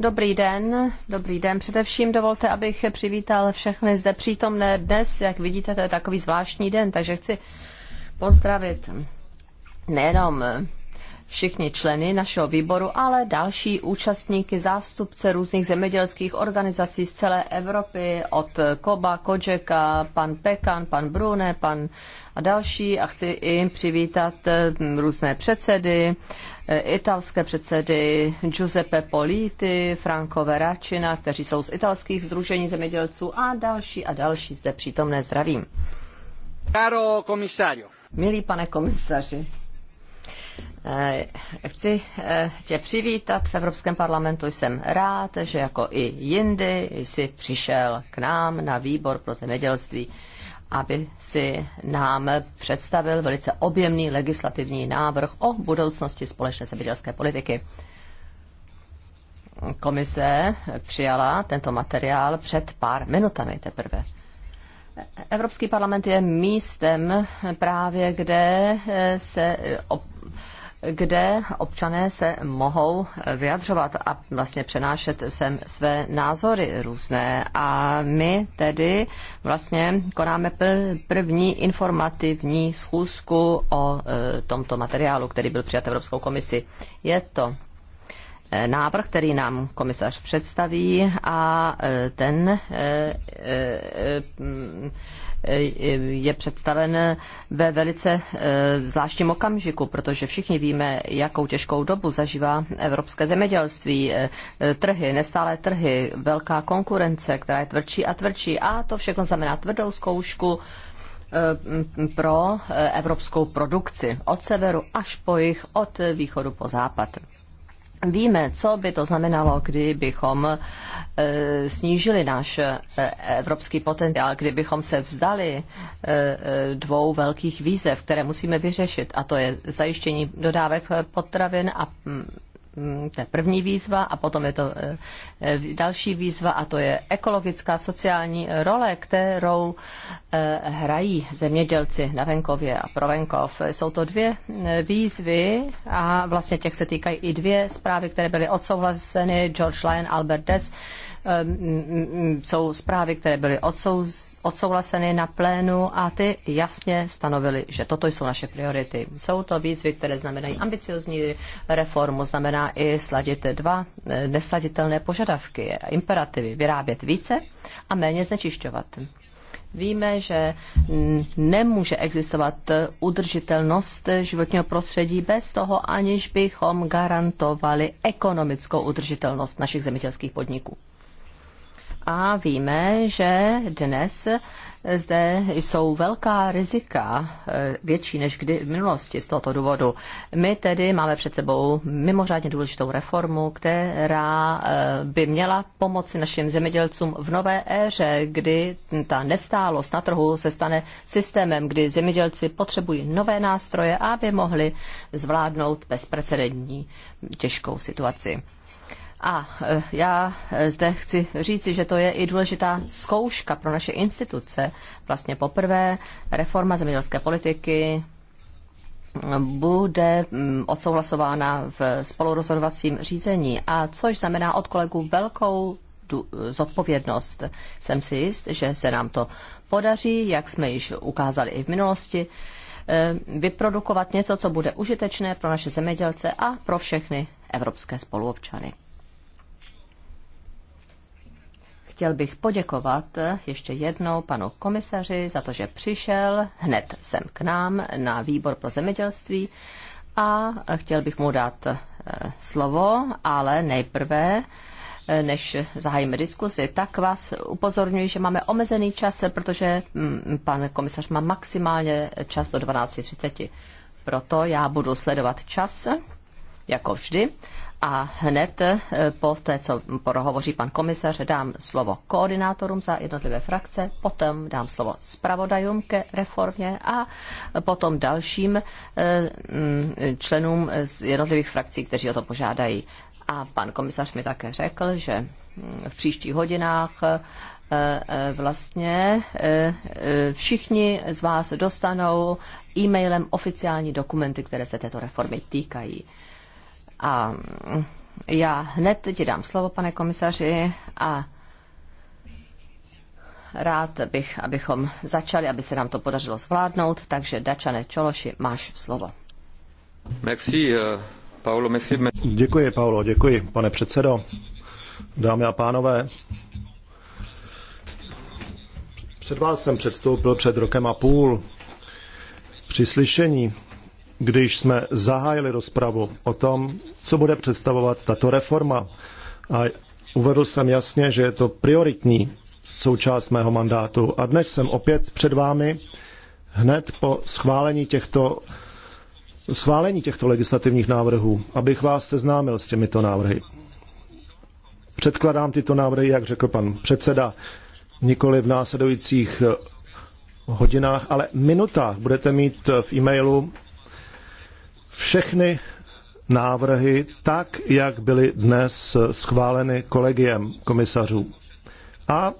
Dobrý den, dobrý den. Především dovolte, abych přivítal všechny zde přítomné dnes. Jak vidíte, to je takový zvláštní den, takže chci pozdravit nejenom všichni členy našeho výboru, ale další účastníky, zástupce různých zemědělských organizací z celé Evropy, od Koba, Kočeka, pan Pekan, pan Brune, pan a další. A chci i přivítat mm, různé předsedy Eh, italské předsedy Giuseppe Politi, Franco Veracina, kteří jsou z italských združení zemědělců a další a další zde přítomné zdravím. Caro komisario. Milý pane komisaři, eh, Chci eh, tě přivítat v Evropském parlamentu. Jsem rád, že jako i jindy jsi přišel k nám na výbor pro zemědělství aby si nám představil velice objemný legislativní návrh o budoucnosti společné zemědělské politiky. Komise přijala tento materiál před pár minutami teprve. Evropský parlament je místem právě, kde se kde občané se mohou vyjadřovat a vlastně přenášet sem své názory různé. A my tedy vlastně konáme první informativní schůzku o e, tomto materiálu, který byl přijat Evropskou komisi. Je to návrh, který nám komisař představí a e, ten e, e, je představen ve velice zvláštním okamžiku, protože všichni víme, jakou těžkou dobu zažívá evropské zemědělství, trhy, nestálé trhy, velká konkurence, která je tvrdší a tvrdší a to všechno znamená tvrdou zkoušku pro evropskou produkci od severu až po jich, od východu po západ. Víme, co by to znamenalo, kdybychom e, snížili náš e, evropský potenciál, kdybychom se vzdali e, dvou velkých výzev, které musíme vyřešit, a to je zajištění dodávek potravin a Mm, to je první výzva a potom je to e, e, další výzva a to je ekologická sociální role, kterou e, hrají zemědělci na venkově a pro venkov. Jsou to dvě výzvy a vlastně těch se týkají i dvě zprávy, které byly odsouhlaseny George Lyon, Albert Dess Ehm, jsou zprávy, které byly odsouhlaseny na plénu a ty jasně stanovily, že toto jsou naše priority. Jsou to výzvy, které znamenají ambiciozní reformu, znamená i sladit dva e, nesladitelné požadavky, imperativy, vyrábět více a méně znečišťovat. Víme, že nemůže existovat udržitelnost životního prostředí bez toho, aniž bychom garantovali ekonomickou udržitelnost našich zemědělských podniků a víme, že dnes zde jsou velká rizika, eh, větší než kdy v minulosti z tohoto důvodu. My tedy máme před sebou mimořádně důležitou reformu, která eh, by měla pomoci našim zemědělcům v nové éře, kdy ta nestálost na trhu se stane systémem, kdy zemědělci potřebují nové nástroje, aby mohli zvládnout bezprecedentní těžkou situaci. A e, já e, zde chci říci, že to je i důležitá zkouška pro naše instituce. Vlastně poprvé reforma zemědělské politiky bude mm, odsouhlasována v spolurozhodovacím řízení, a což znamená od kolegů velkou zodpovědnost. Jsem si jist, že se nám to podaří, jak jsme již ukázali i v minulosti, e, vyprodukovat něco, co bude užitečné pro naše zemědělce a pro všechny evropské spoluobčany. Chtěl bych poděkovat ještě jednou panu komisaři za to, že přišel hned sem k nám na výbor pro zemědělství a chtěl bych mu dát eh, slovo, ale nejprve eh, než zahájíme diskusi, tak vás upozorňuji, že máme omezený čas, protože mm, pan komisař má maximálně čas do 12.30. Proto já budu sledovat čas, jako vždy, a hned eh, po té, co prohovoří pan komisař, dám slovo koordinátorům za jednotlivé frakce, potom dám slovo zpravodajům ke reformě a potom dalším eh, mm, členům z jednotlivých frakcí, kteří o to požádají. A pan komisař mi také řekl, že mm, v příštích hodinách eh, vlastně všichni z vás dostanou e-mailem oficiální dokumenty, které se této reformy týkají. A já hned ti dám slovo, pane komisaři, a rád bych, abychom začali, aby se nám to podařilo zvládnout. Takže Dačane Čološi, máš slovo. Merci, eh, Paolo, merci. Děkuji, Paolo, děkuji, pane předsedo. Dámy a pánové, před vás jsem předstoupil před rokem a půl při slyšení když jsme zahájili rozpravu o tom, co bude představovat tato reforma. A uvedl jsem jasně, že je to prioritní součást mého mandátu. A dnes jsem opět před vámi hned po schválení těchto, schválení těchto legislativních návrhů, abych vás seznámil s těmito návrhy. Předkladám tyto návrhy, jak řekl pan předseda, nikoli v následujících hodinách, ale minutách budete mít v e-mailu všechny návrhy tak, jak byly dnes schváleny kolegiem komisařů. A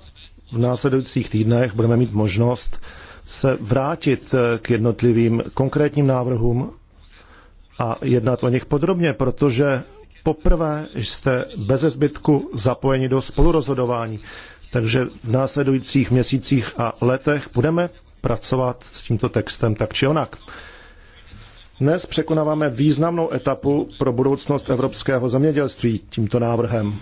v následujících týdnech budeme mít možnost se vrátit k jednotlivým konkrétním návrhům a jednat o nich podrobně, protože poprvé jste bez zbytku zapojeni do spolurozhodování. Takže v následujících měsících a letech budeme pracovat s tímto textem tak či onak. Dnes překonáváme významnou etapu pro budoucnost evropského zemědělství tímto návrhem.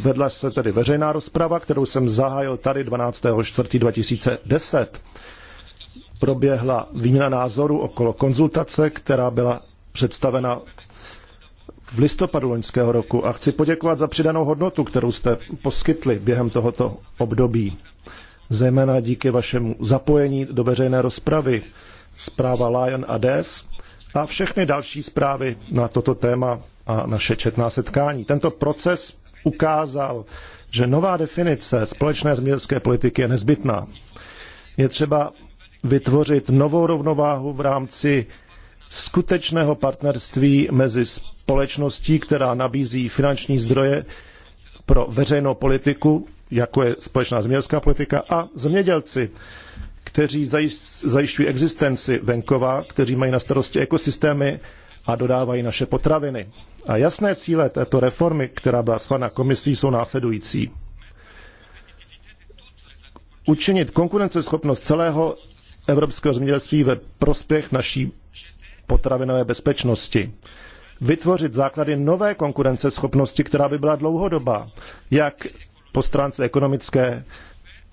Vedla se tedy veřejná rozprava, kterou jsem zahájil tady 12.4.2010. Proběhla výměna názorů okolo konzultace, která byla představena v listopadu loňského roku a chci poděkovat za přidanou hodnotu, kterou jste poskytli během tohoto období. Zejména díky vašemu zapojení do veřejné rozpravy, zpráva Lion a DES a všechny další zprávy na toto téma a naše četná setkání. Tento proces ukázal, že nová definice společné zemědělské politiky je nezbytná. Je třeba vytvořit novou rovnováhu v rámci skutečného partnerství mezi společností, která nabízí finanční zdroje pro veřejnou politiku, jako je společná zemědělská politika, a zemědělci, kteří zajišťují existenci venkova, kteří mají na starosti ekosystémy a dodávají naše potraviny. A jasné cíle této reformy, která byla schválena komisí, jsou následující. Učinit konkurenceschopnost celého evropského zemědělství ve prospěch naší potravinové bezpečnosti. Vytvořit základy nové konkurenceschopnosti, která by byla dlouhodobá, jak po stránce ekonomické,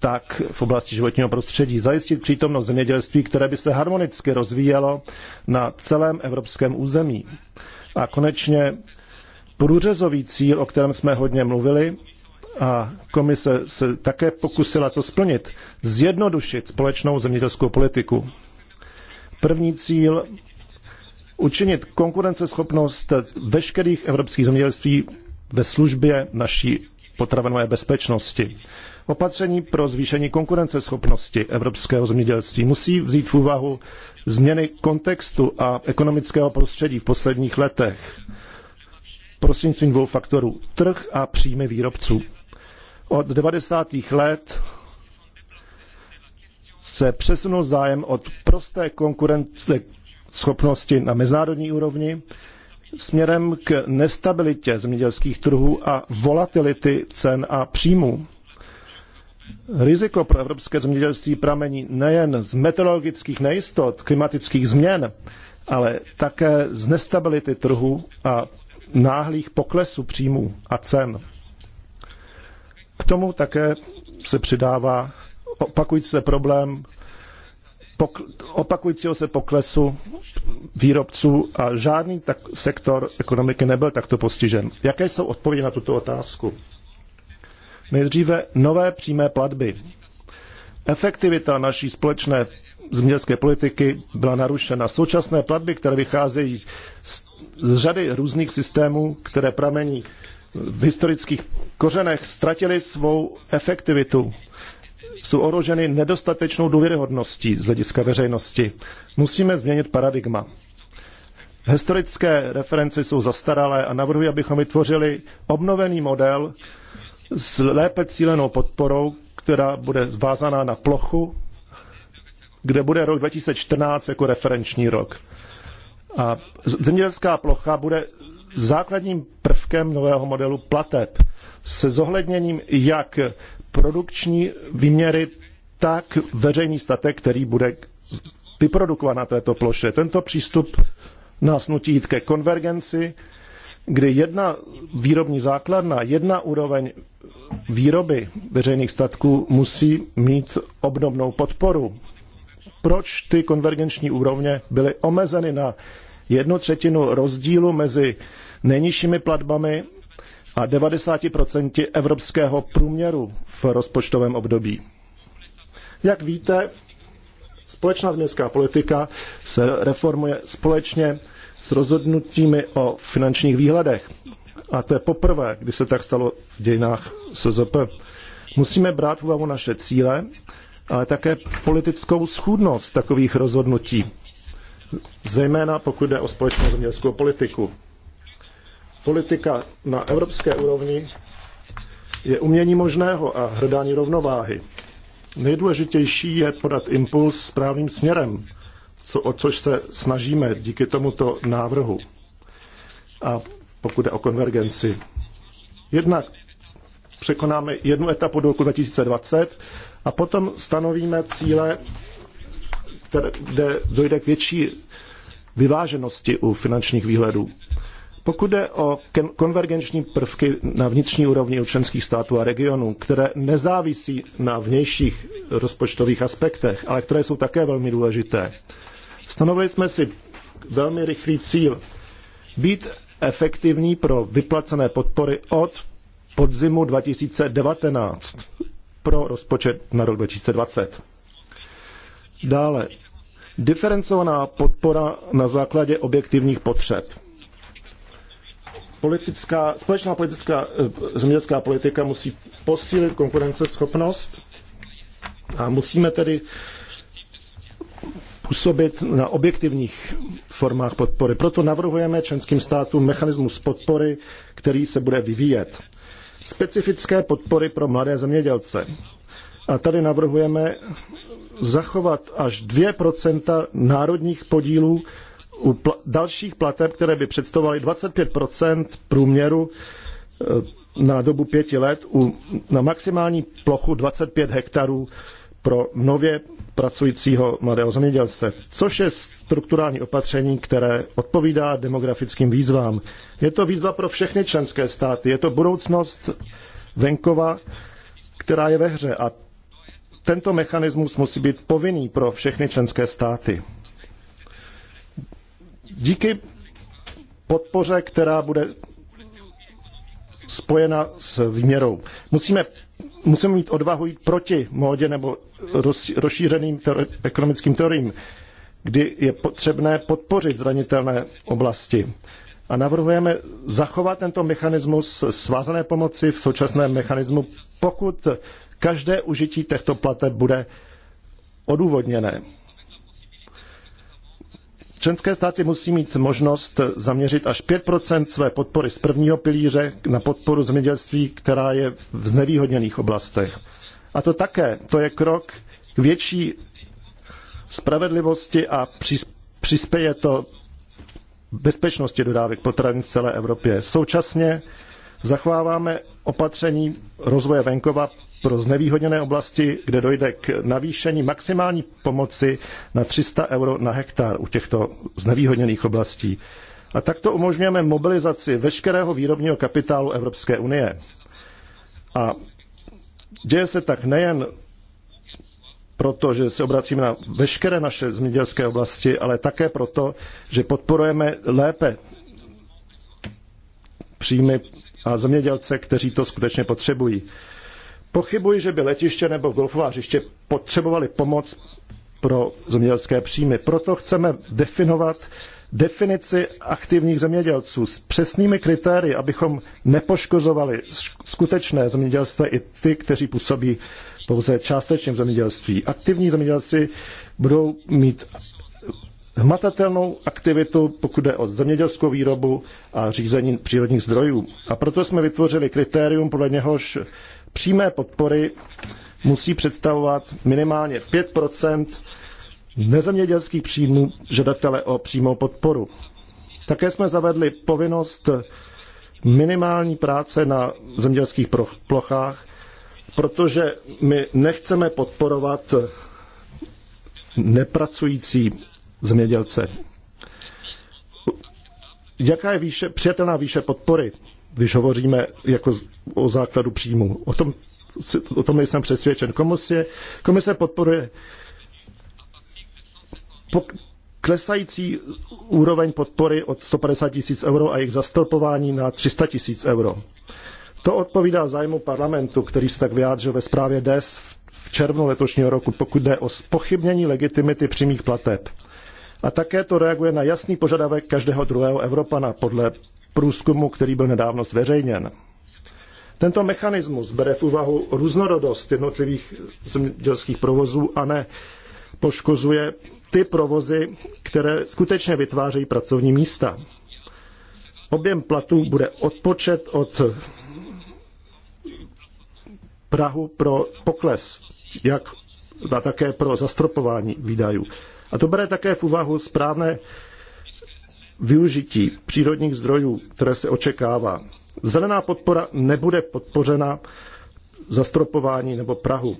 tak v oblasti životního prostředí. Zajistit přítomnost zemědělství, které by se harmonicky rozvíjelo na celém evropském území. A konečně průřezový cíl, o kterém jsme hodně mluvili, a komise se také pokusila to splnit, zjednodušit společnou zemědělskou politiku. První cíl učinit konkurenceschopnost veškerých evropských zemědělství ve službě naší potravinové bezpečnosti. Opatření pro zvýšení konkurenceschopnosti evropského zemědělství musí vzít v úvahu změny kontextu a ekonomického prostředí v posledních letech prostřednictvím dvou faktorů trh a příjmy výrobců. Od 90. let se přesunul zájem od prosté konkurence schopnosti na mezinárodní úrovni směrem k nestabilitě zemědělských trhů a volatility cen a příjmů. Riziko pro evropské zemědělství pramení nejen z meteorologických nejistot, klimatických změn, ale také z nestability trhu a náhlých poklesů příjmů a cen. K tomu také se přidává opakující se problém opakujícího se poklesu výrobců a žádný tak sektor ekonomiky nebyl takto postižen. Jaké jsou odpovědi na tuto otázku? Nejdříve nové přímé platby. Efektivita naší společné zemědělské politiky byla narušena. Současné platby, které vycházejí z, z řady různých systémů, které pramení v historických kořenech, ztratily svou efektivitu. Jsou oroženy nedostatečnou důvěryhodností z hlediska veřejnosti. Musíme změnit paradigma. Historické reference jsou zastaralé a navrhuji, abychom vytvořili obnovený model, s lépe cílenou podporou, která bude vázaná na plochu, kde bude rok 2014 jako referenční rok. A zemědělská plocha bude základním prvkem nového modelu plateb se zohledněním jak produkční výměry, tak veřejný statek, který bude vyprodukován na této ploše. Tento přístup nás nutí jít ke konvergenci, kdy jedna výrobní základna, jedna úroveň výroby veřejných statků musí mít obdobnou podporu. Proč ty konvergenční úrovně byly omezeny na jednu třetinu rozdílu mezi nejnižšími platbami a 90% evropského průměru v rozpočtovém období. Jak víte, společná změnská politika se reformuje společně s rozhodnutími o finančních výhledech a to je poprvé, kdy se tak stalo v dějinách SZP. Musíme brát v úvahu naše cíle, ale také politickou schůdnost takových rozhodnutí, zejména pokud jde o společnou zemědělskou politiku. Politika na evropské úrovni je umění možného a hledání rovnováhy. Nejdůležitější je podat impuls správným směrem, co, o což se snažíme díky tomuto návrhu. A pokud je o konvergenci. Jednak překonáme jednu etapu do roku 2020 a potom stanovíme cíle, které, kde dojde k větší vyváženosti u finančních výhledů. Pokud jde o konvergenční prvky na vnitřní úrovni u členských států a regionů, které nezávisí na vnějších rozpočtových aspektech, ale které jsou také velmi důležité, stanovili jsme si velmi rychlý cíl být efektivní pro vyplacené podpory od podzimu 2019 pro rozpočet na rok 2020. Dále, diferencovaná podpora na základě objektivních potřeb. Politická, společná politická, eh, zemědělská politika musí posílit konkurenceschopnost a musíme tedy působit na objektivních formách podpory. Proto navrhujeme členským státům mechanismus podpory, který se bude vyvíjet. Specifické podpory pro mladé zemědělce. A tady navrhujeme zachovat až 2% národních podílů u pl- dalších plateb, které by představovaly 25% průměru eh, na dobu pěti let u, na maximální plochu 25 hektarů pro nově pracujícího mladého zemědělce, což je strukturální opatření, které odpovídá demografickým výzvám. Je to výzva pro všechny členské státy, je to budoucnost venkova, která je ve hře a tento mechanismus musí být povinný pro všechny členské státy. Díky podpoře, která bude spojena s výměrou. Musíme musíme mít odvahu jít proti módě nebo rozšířeným teori- ekonomickým teoriím, kdy je potřebné podpořit zranitelné oblasti. A navrhujeme zachovat tento mechanismus svázané pomoci v současném mechanismu, pokud každé užití těchto plateb bude odůvodněné. Členské státy musí mít možnost zaměřit až 5 své podpory z prvního pilíře na podporu zemědělství, která je v znevýhodněných oblastech. A to také, to je krok k větší spravedlivosti a přispěje to bezpečnosti dodávek potravin v celé Evropě. Současně zachováváme opatření rozvoje venkova pro znevýhodněné oblasti, kde dojde k navýšení maximální pomoci na 300 euro na hektar u těchto znevýhodněných oblastí. A takto umožňujeme mobilizaci veškerého výrobního kapitálu Evropské unie. A děje se tak nejen proto, že se obracíme na veškeré naše zemědělské oblasti, ale také proto, že podporujeme lépe příjmy a zemědělce, kteří to skutečně potřebují. Pochybuji, že by letiště nebo golfová hřiště potřebovali pomoc pro zemědělské příjmy. Proto chceme definovat definici aktivních zemědělců s přesnými kritérii, abychom nepoškozovali skutečné zemědělství i ty, kteří působí pouze částečně v zemědělství. Aktivní zemědělci budou mít hmatatelnou aktivitu, pokud jde o zemědělskou výrobu a řízení přírodních zdrojů. A proto jsme vytvořili kritérium, podle něhož přímé podpory musí představovat minimálně 5 nezemědělských příjmů žadatele o přímou podporu. Také jsme zavedli povinnost minimální práce na zemědělských plochách, protože my nechceme podporovat nepracující zemědělce. Jaká je výše, přijatelná výše podpory? když hovoříme jako o základu příjmu. O tom, o tom nejsem přesvědčen. Komise, komise podporuje klesající úroveň podpory od 150 tisíc euro a jejich zastropování na 300 tisíc euro. To odpovídá zájmu parlamentu, který se tak vyjádřil ve zprávě DES v červnu letošního roku, pokud jde o spochybnění legitimity přímých plateb. A také to reaguje na jasný požadavek každého druhého Evropana podle průzkumu, který byl nedávno zveřejněn. Tento mechanismus bere v úvahu různorodost jednotlivých zemědělských provozů a ne poškozuje ty provozy, které skutečně vytvářejí pracovní místa. Objem platů bude odpočet od Prahu pro pokles, jak a také pro zastropování výdajů. A to bere také v úvahu správné využití přírodních zdrojů, které se očekává. Zelená podpora nebude podpořena zastropování nebo Prahu.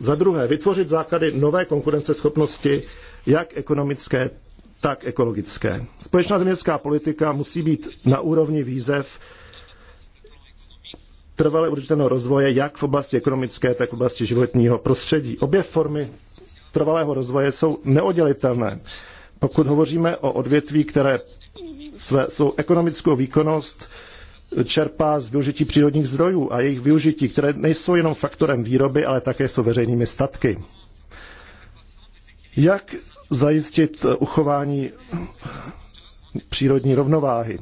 Za druhé, vytvořit základy nové konkurenceschopnosti, jak ekonomické, tak ekologické. Společná zemědělská politika musí být na úrovni výzev trvale udržitelného rozvoje, jak v oblasti ekonomické, tak v oblasti životního prostředí. Obě formy trvalého rozvoje jsou neoddělitelné. Pokud hovoříme o odvětví, které své, svou ekonomickou výkonnost čerpá z využití přírodních zdrojů a jejich využití, které nejsou jenom faktorem výroby, ale také jsou veřejnými statky. Jak zajistit uchování přírodní rovnováhy?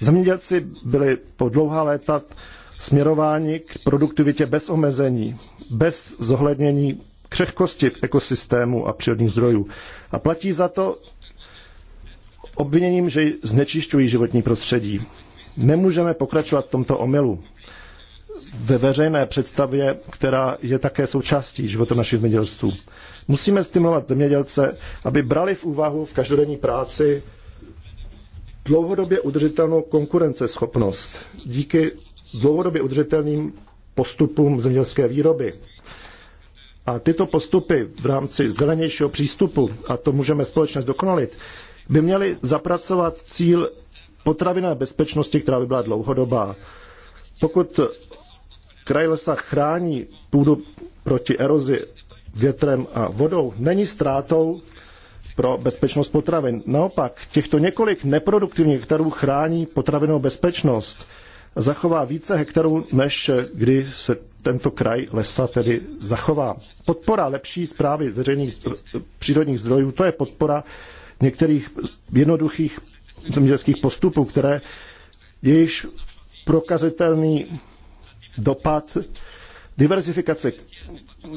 Zemědělci byli po dlouhá léta směrováni k produktivitě bez omezení, bez zohlednění křehkosti v ekosystému a přírodních zdrojů. A platí za to obviněním, že znečišťují životní prostředí. Nemůžeme pokračovat v tomto omylu ve veřejné představě, která je také součástí života našich zemědělců. Musíme stimulovat zemědělce, aby brali v úvahu v každodenní práci dlouhodobě udržitelnou konkurenceschopnost díky dlouhodobě udržitelným postupům zemědělské výroby. A tyto postupy v rámci zelenějšího přístupu, a to můžeme společně zdokonalit, by měly zapracovat cíl potravinové bezpečnosti, která by byla dlouhodobá. Pokud kraj lesa chrání půdu proti erozi větrem a vodou, není ztrátou pro bezpečnost potravin. Naopak, těchto několik neproduktivních hektarů chrání potravinovou bezpečnost zachová více hektarů, než kdy se tento kraj lesa tedy zachová. Podpora lepší zprávy veřejných přírodních zdrojů, to je podpora některých jednoduchých zemědělských postupů, které již prokazitelný dopad diverzifikace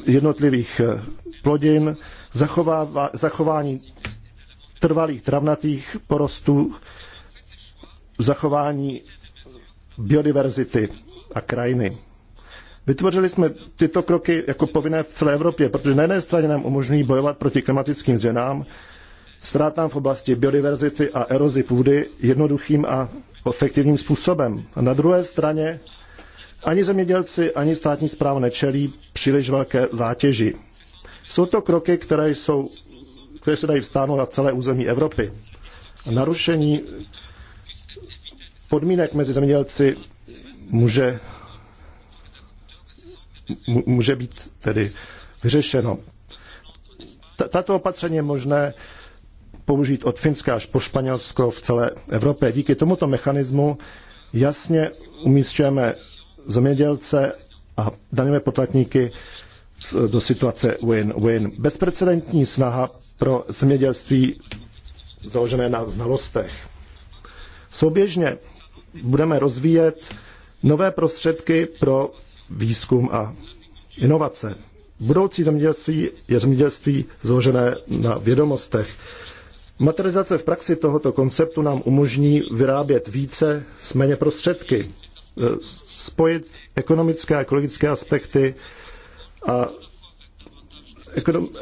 jednotlivých eh, plodin, zachovává, zachování trvalých travnatých porostů, zachování biodiverzity a krajiny. Vytvořili jsme tyto kroky jako povinné v celé Evropě, protože na jedné straně nám umožňují bojovat proti klimatickým změnám, ztrátám v oblasti biodiverzity a erozi půdy jednoduchým a efektivním způsobem. A na druhé straně ani zemědělci, ani státní správa nečelí příliš velké zátěži. Jsou to kroky, které, jsou, které se dají vstáhnout na celé území Evropy. Narušení podmínek mezi zemědělci může, může být tedy vyřešeno. Tato opatření je možné použít od Finska až po Španělsko v celé Evropě. Díky tomuto mechanismu jasně umístujeme zemědělce a daňové poplatníky do situace win-win. Bezprecedentní snaha pro zemědělství založené na znalostech. Souběžně budeme rozvíjet nové prostředky pro výzkum a inovace. Budoucí zemědělství je zemědělství založené na vědomostech. Materializace v praxi tohoto konceptu nám umožní vyrábět více s méně prostředky, e, spojit ekonomické a ekologické aspekty a,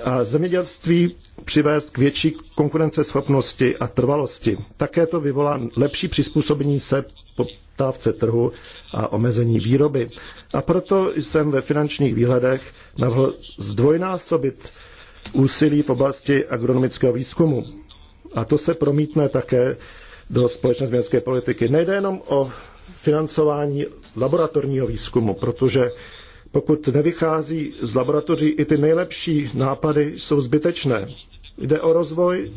a zemědělství přivést k větší konkurenceschopnosti a trvalosti. Také to vyvolá lepší přizpůsobení se poptávce trhu a omezení výroby. A proto jsem ve finančních výhledech navrhl zdvojnásobit úsilí v oblasti agronomického výzkumu. A to se promítne také do společné změnské politiky. Nejde jenom o financování laboratorního výzkumu, protože pokud nevychází z laboratoří, i ty nejlepší nápady jsou zbytečné. Jde o rozvoj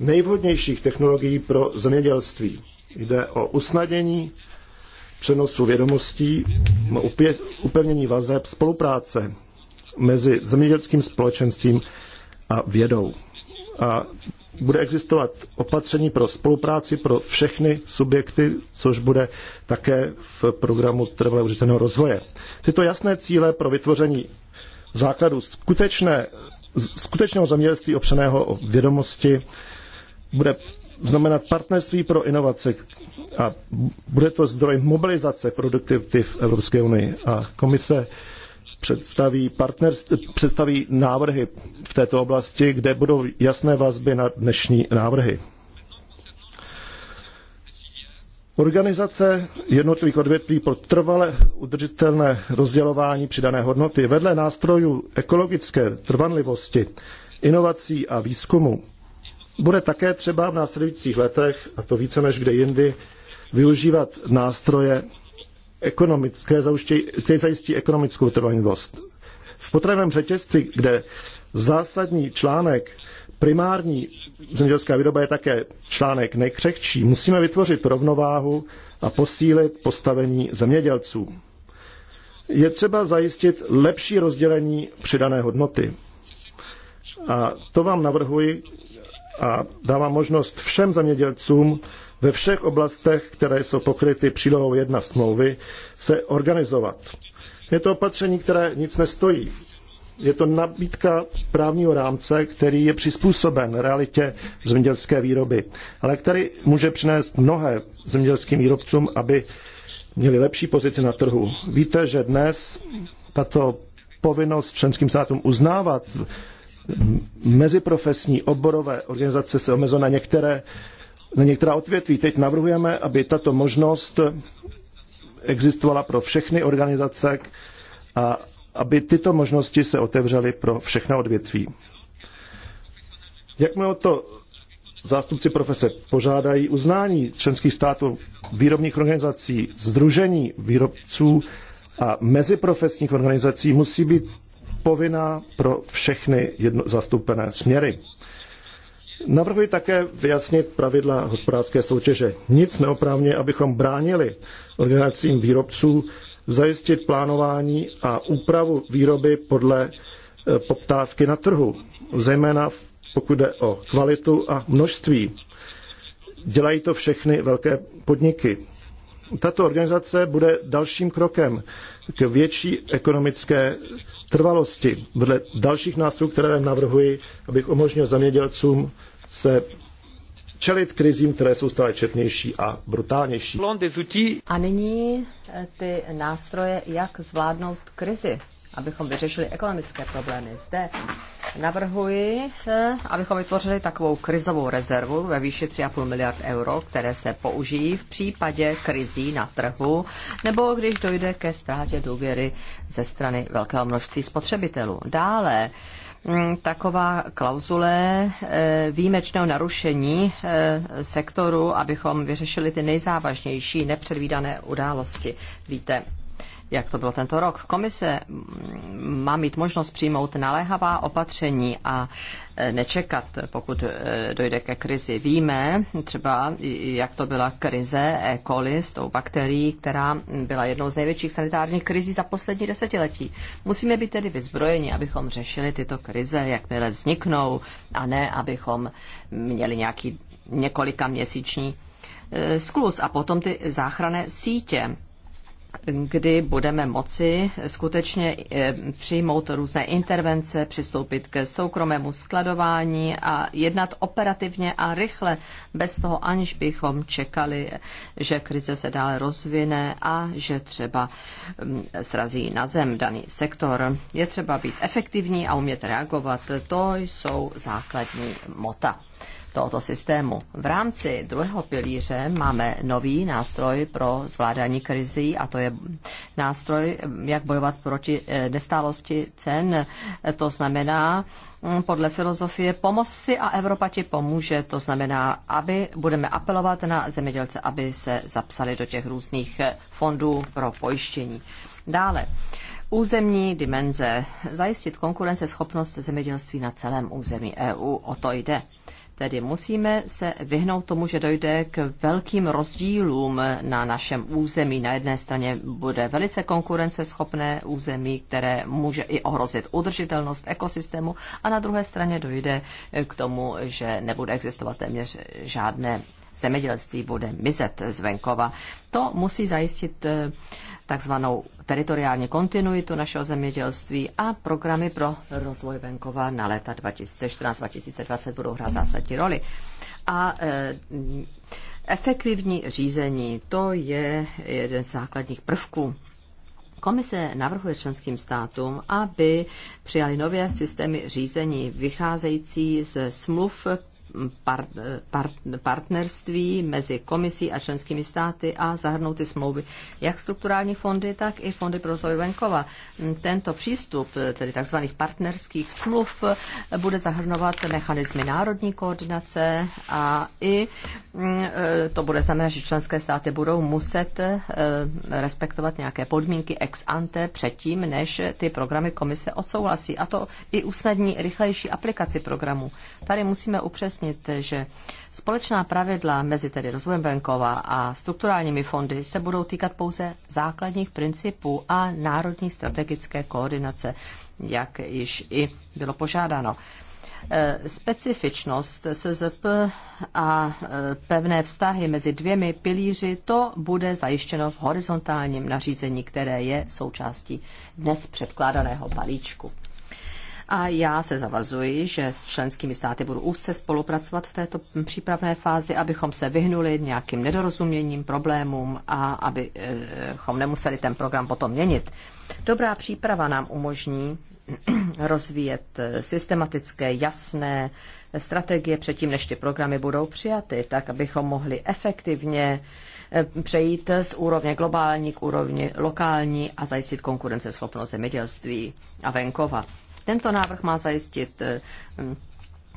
nejvhodnějších technologií pro zemědělství. Jde o usnadnění přenosu vědomostí, upevnění vazeb, spolupráce mezi zemědělským společenstvím a vědou. A bude existovat opatření pro spolupráci pro všechny subjekty, což bude také v programu trvalého užitelného rozvoje. Tyto jasné cíle pro vytvoření základu skutečné, skutečného zemědělství opřeného o vědomosti bude znamenat partnerství pro inovace a bude to zdroj mobilizace produktivity v Evropské unii. A komise představí, představí návrhy v této oblasti, kde budou jasné vazby na dnešní návrhy. Organizace jednotlivých odvětví pro trvale udržitelné rozdělování přidané hodnoty vedle nástrojů ekologické trvanlivosti, inovací a výzkumu bude také třeba v následujících letech, a to více než kde jindy, využívat nástroje ekonomické, které zajistí ekonomickou trvanlivost. V potravinovém řetězství, kde zásadní článek primární zemědělská výroba je také článek nejkřehčí, musíme vytvořit rovnováhu a posílit postavení zemědělců. Je třeba zajistit lepší rozdělení přidané hodnoty. A to vám navrhuji a dává možnost všem zemědělcům ve všech oblastech, které jsou pokryty přílohou jedna smlouvy, se organizovat. Je to opatření, které nic nestojí. Je to nabídka právního rámce, který je přizpůsoben realitě zemědělské výroby, ale který může přinést mnohé zemědělským výrobcům, aby měli lepší pozici na trhu. Víte, že dnes tato povinnost členským státům uznávat meziprofesní oborové organizace se omezují na některé na některá odvětví. Teď navrhujeme, aby tato možnost existovala pro všechny organizace a aby tyto možnosti se otevřely pro všechna odvětví. Jakmile o to zástupci profese požádají uznání členských států, výrobních organizací, združení výrobců a meziprofesních organizací musí být povinná pro všechny jedno, zastoupené směry. Navrhuji také vyjasnit pravidla hospodářské soutěže. Nic neoprávně, abychom bránili organizacím výrobců zajistit plánování a úpravu výroby podle e, poptávky na trhu, zejména pokud jde o kvalitu a množství. Dělají to všechny velké podniky. Tato organizace bude dalším krokem k větší ekonomické trvalosti, vedle dalších nástrojů, které navrhuji, abych umožnil zemědělcům se čelit krizím, které jsou stále četnější a brutálnější. A nyní eh, ty nástroje, jak zvládnout krizi, abychom vyřešili ekonomické problémy. Zde Navrhuji, eh, abychom vytvořili takovou krizovou rezervu ve výši 3,5 miliard euro, které se použijí v případě krizí na trhu nebo když dojde ke ztrátě důvěry ze strany velkého množství spotřebitelů. Dále mm, taková klauzule eh, výjimečného narušení eh, sektoru, abychom vyřešili ty nejzávažnější nepředvídané události. Víte, jak to bylo tento rok. Komise mm, má mít možnost přijmout naléhavá opatření a e, nečekat, pokud e, dojde ke krizi. Víme třeba, jak to byla krize E. coli s tou bakterií, která byla jednou z největších sanitárních krizí za poslední desetiletí. Musíme být tedy vyzbrojeni, abychom řešili tyto krize, jakmile vzniknou, a ne, abychom měli nějaký několika měsíční e, sklus a potom ty záchranné sítě kdy budeme moci skutečně eh, přijmout různé intervence, přistoupit k soukromému skladování a jednat operativně a rychle, bez toho aniž bychom čekali, že krize se dále rozvine a že třeba mm, srazí na zem daný sektor. Je třeba být efektivní a umět reagovat. To jsou základní mota tohoto systému. V rámci druhého pilíře máme nový nástroj pro zvládání krizí a to je nástroj, jak bojovat proti eh, nestálosti cen. To znamená, hm, podle filozofie pomoz si a Evropa ti pomůže. To znamená, aby budeme apelovat na zemědělce, aby se zapsali do těch různých eh, fondů pro pojištění. Dále, územní dimenze. Zajistit konkurenceschopnost zemědělství na celém území EU. O to jde. Tedy musíme se vyhnout tomu, že dojde k velkým rozdílům na našem území. Na jedné straně bude velice konkurenceschopné území, které může i ohrozit udržitelnost ekosystému a na druhé straně dojde k tomu, že nebude existovat téměř žádné zemědělství bude mizet z venkova. To musí zajistit eh, takzvanou teritoriální kontinuitu našeho zemědělství a programy pro rozvoj venkova na léta 2014-2020 budou hrát zásadní roli. A eh, efektivní řízení, to je jeden z základních prvků Komise navrhuje členským státům, aby přijali nové systémy řízení vycházející z smluv, part, part, partnerství mezi komisí a členskými státy a zahrnout ty smlouvy, jak strukturální fondy, tak i fondy pro rozvoj venkova. Tento přístup, tedy tzv. partnerských smluv, bude zahrnovat mechanismy národní koordinace a i mm, to bude znamenat, že členské státy budou muset eh, respektovat nějaké podmínky ex ante předtím, než ty programy komise odsouhlasí. A to i usnadní rychlejší aplikaci programů. Tady musíme upřesnit zdůraznit, že společná pravidla mezi tedy rozvojem venkova a strukturálními fondy se budou týkat pouze základních principů a národní strategické koordinace, jak již i bylo požádáno eh, specifičnost SZP a eh, pevné vztahy mezi dvěmi pilíři, to bude zajištěno v horizontálním nařízení, které je součástí dnes předkládaného balíčku a já se zavazuji, že s členskými státy budu úzce spolupracovat v této přípravné fázi, abychom se vyhnuli nějakým nedorozuměním, problémům a abychom nemuseli ten program potom měnit. Dobrá příprava nám umožní rozvíjet systematické, jasné strategie předtím, než ty programy budou přijaty, tak abychom mohli efektivně eh, přejít z úrovně globální k úrovni lokální a zajistit konkurenceschopnost zemědělství a venkova. Tento návrh má zajistit eh, hm,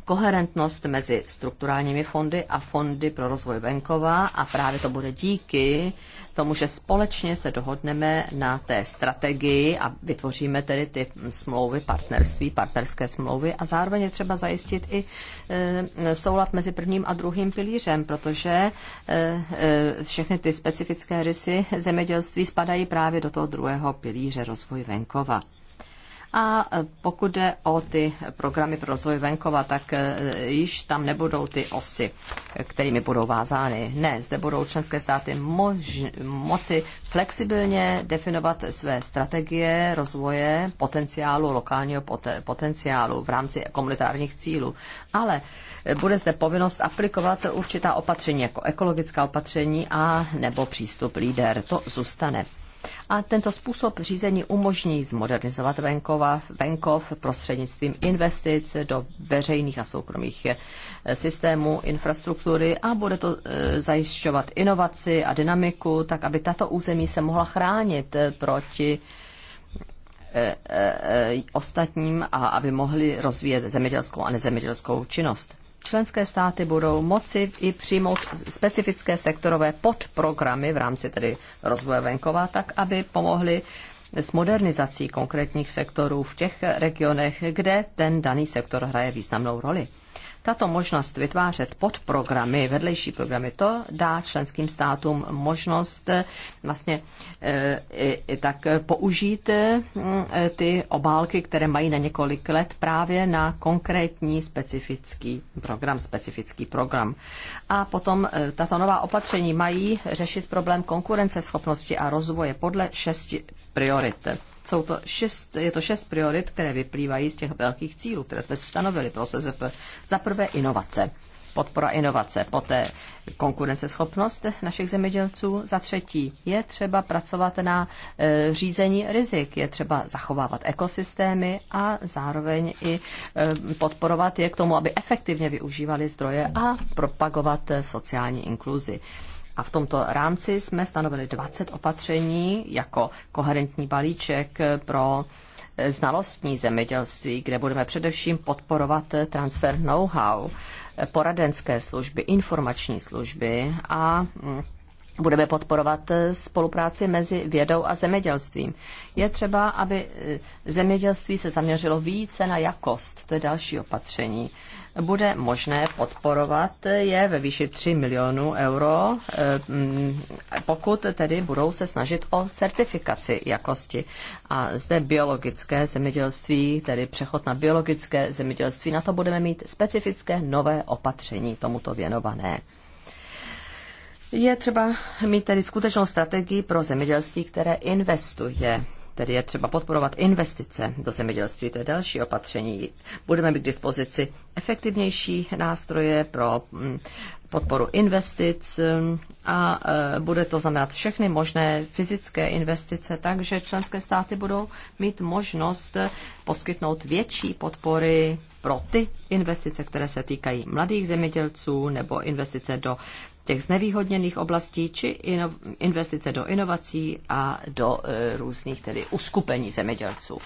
koherentnost mezi strukturálními fondy a fondy pro rozvoj venkova a právě to bude díky tomu, že společně se dohodneme na té strategii a vytvoříme tedy ty smlouvy, partnerství, partnerské smlouvy a zároveň je třeba zajistit i eh, hm, soulad mezi prvním a druhým pilířem, protože eh, všechny ty specifické rysy zemědělství spadají právě do toho druhého pilíře rozvoj venkova. A pokud jde o ty programy pro rozvoj venkova, tak e, již tam nebudou ty osy, kterými budou vázány. Ne, zde budou členské státy mož, moci flexibilně definovat své strategie rozvoje potenciálu, lokálního pot, potenciálu v rámci komunitárních cílů. Ale e, bude zde povinnost aplikovat určitá opatření, jako ekologická opatření a nebo přístup líder. To zůstane. A tento způsob řízení umožní zmodernizovat venkova, venkov prostřednictvím investic do veřejných a soukromých eh, systémů infrastruktury a bude to eh, zajišťovat inovaci a dynamiku, tak aby tato území se mohla chránit eh, proti ostatním a aby mohli rozvíjet zemědělskou a nezemědělskou činnost členské státy budou moci i přijmout specifické sektorové podprogramy v rámci tedy rozvoje venkova, tak aby pomohly s modernizací konkrétních sektorů v těch regionech, kde ten daný sektor hraje významnou roli. Tato možnost vytvářet podprogramy, vedlejší programy, to dá členským státům možnost eh, vlastně eh, tak eh, použít ty obálky, které mají na několik let právě na konkrétní specifický program, specifický program. A potom tato nová opatření mají řešit problém konkurenceschopnosti a rozvoje podle šesti priorit. Jsou to šest, je to šest priorit, které vyplývají z těch velkých cílů, které jsme stanovili pro SZP. Za prvé inovace podpora inovace, poté konkurenceschopnost našich zemědělců. Za třetí je třeba pracovat na e, řízení rizik, je třeba zachovávat ekosystémy a zároveň i e, podporovat je k tomu, aby efektivně využívali zdroje a propagovat e, sociální inkluzi. A v tomto rámci jsme stanovili 20 opatření jako koherentní balíček pro eh, znalostní zemědělství, kde budeme především podporovat eh, transfer know-how, eh, poradenské služby, informační služby a mm, Budeme podporovat spolupráci mezi vědou a zemědělstvím. Je třeba, aby zemědělství se zaměřilo více na jakost. To je další opatření bude možné podporovat je ve výši 3 milionů euro, eh, mm, pokud tedy budou se snažit o certifikaci jakosti. A zde biologické zemědělství, tedy přechod na biologické zemědělství, na to budeme mít specifické nové opatření tomuto věnované. Je třeba mít tedy skutečnou strategii pro zemědělství, které investuje Tedy je třeba podporovat investice do zemědělství, to je další opatření. Budeme mít k dispozici efektivnější nástroje pro mm, podporu investic mm, a e, bude to znamenat všechny možné fyzické investice, takže členské státy budou mít možnost poskytnout větší podpory pro ty investice, které se týkají mladých zemědělců nebo investice do těch znevýhodněných oblastí, či investice do inovací a do e, různých tedy uskupení zemědělců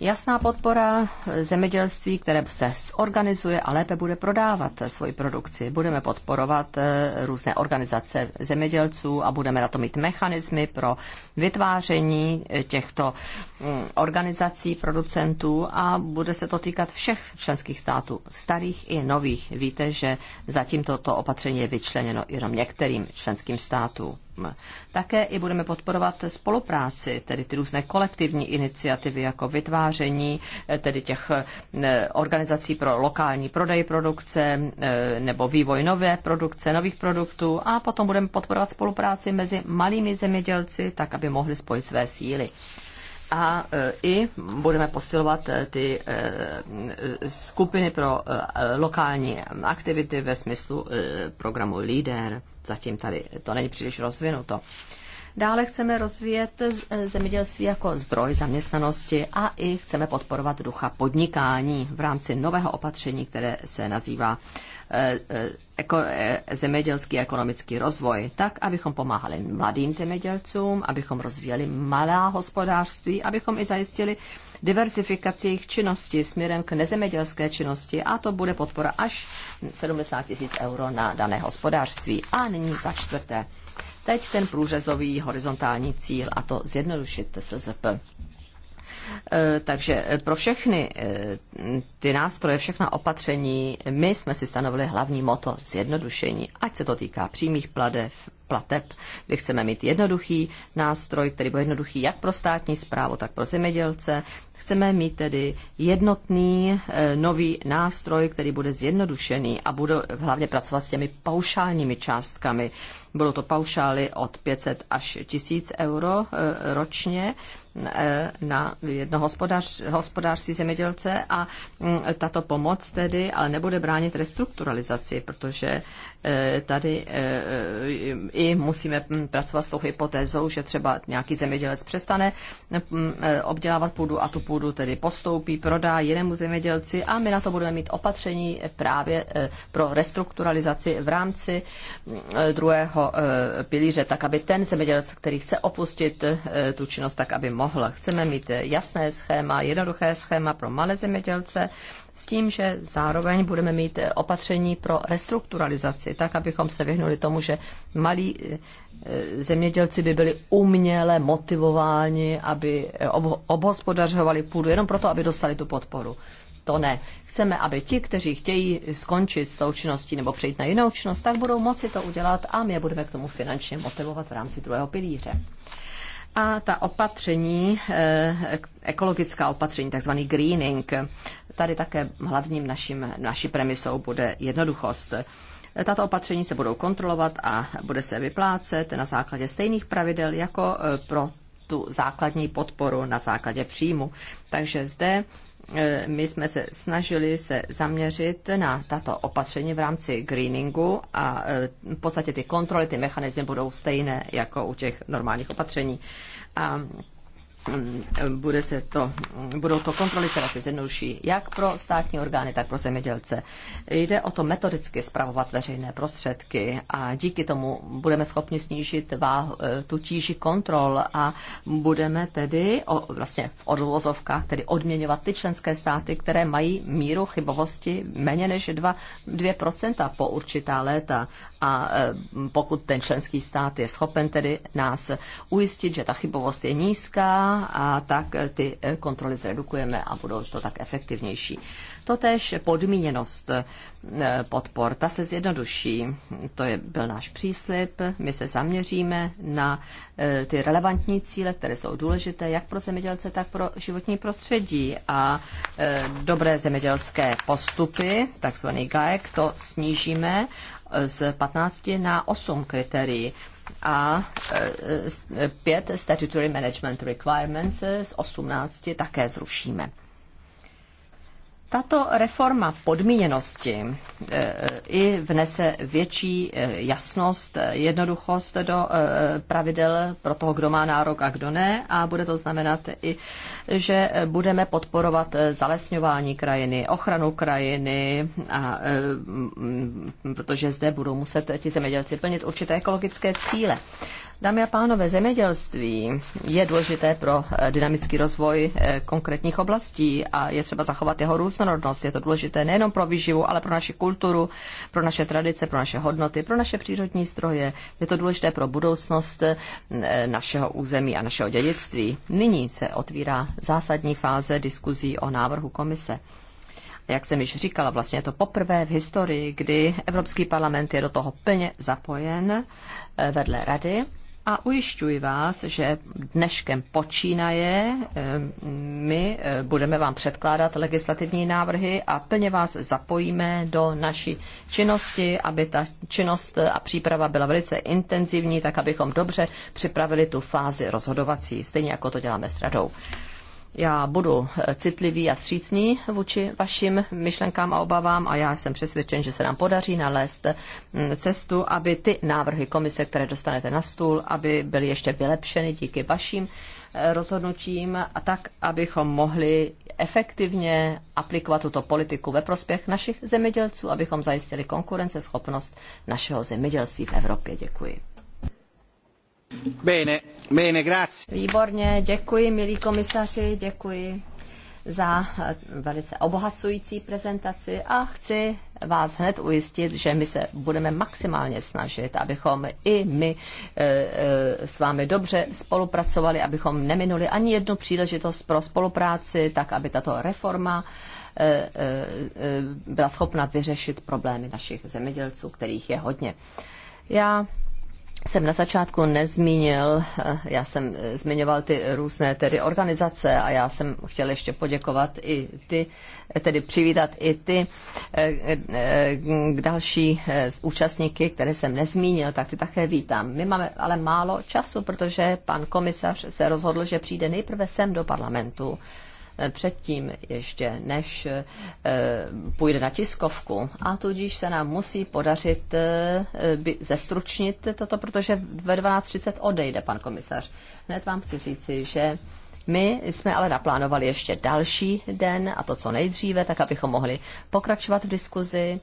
jasná podpora zemědělství, které se zorganizuje a lépe bude prodávat svoji produkci. Budeme podporovat eh, různé organizace zemědělců a budeme na to mít mechanismy pro vytváření eh, těchto mm, organizací producentů a bude se to týkat všech členských států, starých i nových. Víte, že zatím toto opatření je vyčleněno jenom některým členským státům. Také i budeme podporovat spolupráci, tedy ty různé kolektivní iniciativy, jako vytváření eh, tedy těch eh, organizací pro lokální prodej produkce eh, nebo vývoj nové produkce, nových produktů a potom budeme podporovat spolupráci mezi malými zemědělci, tak aby mohli spojit své síly a e, i budeme posilovat e, ty e, skupiny pro lokální aktivity ve smyslu programu LEADER. Zatím tady to není příliš rozvinuto. Dále chceme rozvíjet zemědělství jako zdroj zaměstnanosti a i chceme podporovat ducha podnikání v rámci nového opatření, které se nazývá eh, eh, eh, zemědělský a ekonomický rozvoj, tak, abychom pomáhali mladým zemědělcům, abychom rozvíjeli malá hospodářství, abychom i zajistili diversifikaci jejich činnosti směrem k nezemědělské činnosti a to bude podpora až 70 tisíc euro na dané hospodářství. A nyní za čtvrté Teď ten průřezový horizontální cíl a to zjednodušit SZP. E, takže e, pro všechny e, ty nástroje, všechna opatření, my jsme si stanovili hlavní moto zjednodušení, ať se to týká přímých pladev, plateb, kdy chceme mít jednoduchý nástroj, který bude jednoduchý jak pro státní zprávu, tak pro zemědělce. Chceme mít tedy jednotný eh, nový nástroj, který bude zjednodušený a bude hlavně pracovat s těmi paušálními částkami. Budou to paušály od 500 až 1000 euro eh, ročně eh, na jedno hospodář, hospodářství zemědělce a mm, tato pomoc tedy ale nebude bránit restrukturalizaci, protože Eh, tady eh, eh, i musíme hm, pracovat s tou hypotézou, že třeba nějaký zemědělec přestane hm, obdělávat půdu a tu půdu tedy postoupí, prodá jinému zemědělci a my na to budeme mít opatření právě pro restrukturalizaci v rámci hm, druhého pilíře, tak aby ten zemědělec, který chce opustit tu činnost, tak aby mohl. Chceme mít jasné schéma, jednoduché schéma pro malé zemědělce, s tím, že zároveň budeme mít eh, opatření pro restrukturalizaci, tak abychom se vyhnuli tomu, že malí eh, eh, zemědělci by byli uměle motivováni, aby obhospodařovali půdu jenom proto, aby dostali tu podporu. To ne. Chceme, aby ti, kteří chtějí skončit s tou činností nebo přejít na jinou činnost, tak budou moci to udělat a my je budeme k tomu finančně motivovat v rámci druhého pilíře a ta opatření, eh, ekologická opatření, takzvaný greening, tady také hlavním naším, naší premisou bude jednoduchost. Tato opatření se budou kontrolovat a bude se vyplácet na základě stejných pravidel jako eh, pro tu základní podporu na základě příjmu. Takže zde E, my jsme se snažili se zaměřit na tato opatření v rámci greeningu a e, v podstatě ty kontroly, ty mechanizmy budou stejné jako u těch normálních opatření. A Mm, bude se to, budou to kontroly, které se zjednoduší jak pro státní orgány, tak pro zemědělce. Jde o to metodicky zpravovat veřejné prostředky a díky tomu budeme schopni snížit váhu, eh, tu tíži kontrol a budeme tedy o, vlastně v odvozovkách tedy odměňovat ty členské státy, které mají míru chybovosti méně než 2, 2% po určitá léta. A eh, pokud ten členský stát je schopen tedy nás ujistit, že ta chybovost je nízká, a tak ty kontroly zredukujeme a budou to tak efektivnější. Totež podmíněnost eh, podpor, ta se zjednoduší. To je, byl náš příslip. My se zaměříme na eh, ty relevantní cíle, které jsou důležité jak pro zemědělce, tak pro životní prostředí. A eh, dobré zemědělské postupy, takzvaný GAEK, to snížíme z 15 na 8 kritérií a e, e, e, pět Statutory Management Requirements z 18 také zrušíme. Tato reforma podmíněnosti eh, i vnese větší eh, jasnost, eh, jednoduchost do pravidel pro toho, kdo má nárok a kdo ne a bude to znamenat i, že budeme podporovat zalesňování krajiny, ochranu krajiny, a, protože zde budou muset ti zemědělci plnit určité ekologické cíle. Dámy a pánové, zemědělství je důležité pro eh, dynamický rozvoj eh, konkrétních oblastí a je třeba zachovat jeho různorodnost. Je to důležité nejenom pro výživu, ale pro naši kulturu, pro naše tradice, pro naše hodnoty, pro naše přírodní stroje. Je to důležité pro budoucnost eh, našeho území a našeho dědictví. Nyní se otvírá zásadní fáze diskuzí o návrhu komise jak jsem již říkala, vlastně je to poprvé v historii, kdy Evropský parlament je do toho plně zapojen vedle rady a ujišťuji vás, že dneškem počínaje eh, my eh, budeme vám předkládat legislativní návrhy a plně vás zapojíme do naší činnosti, aby ta činnost a příprava byla velice intenzivní, tak abychom dobře připravili tu fázi rozhodovací, stejně jako to děláme s radou. Já budu eh, citlivý a střícný vůči vašim myšlenkám a obavám a já jsem přesvědčen, že se nám podaří nalézt mm, cestu, aby ty návrhy komise, které dostanete na stůl, aby byly ještě vylepšeny díky vašim eh, rozhodnutím a tak, abychom mohli efektivně aplikovat tuto politiku ve prospěch našich zemědělců, abychom zajistili konkurenceschopnost našeho zemědělství v Evropě. Děkuji. Výborně, děkuji, milí komisaři, děkuji za eh, velice obohacující prezentaci a chci vás hned ujistit, že my se budeme maximálně snažit, abychom i my eh, eh, s vámi dobře spolupracovali, abychom neminuli ani jednu příležitost pro spolupráci, tak aby tato reforma byla schopna vyřešit problémy našich zemědělců, kterých je hodně. Já jsem na začátku nezmínil, eh, já jsem eh, zmiňoval ty různé tedy organizace a já jsem chtěl ještě poděkovat i ty, eh, tedy přivítat i ty další účastníky, které jsem nezmínil, tak ty také vítám. My máme ale málo času, protože pan komisař se rozhodl, že přijde nejprve sem do parlamentu předtím, ještě než eh, půjde na tiskovku. A tudíž se nám musí podařit eh, zestručnit toto, protože ve 12.30 odejde pan komisař. Hned vám chci říci, že my jsme ale naplánovali ještě další den a to co nejdříve, tak abychom mohli pokračovat v diskuzi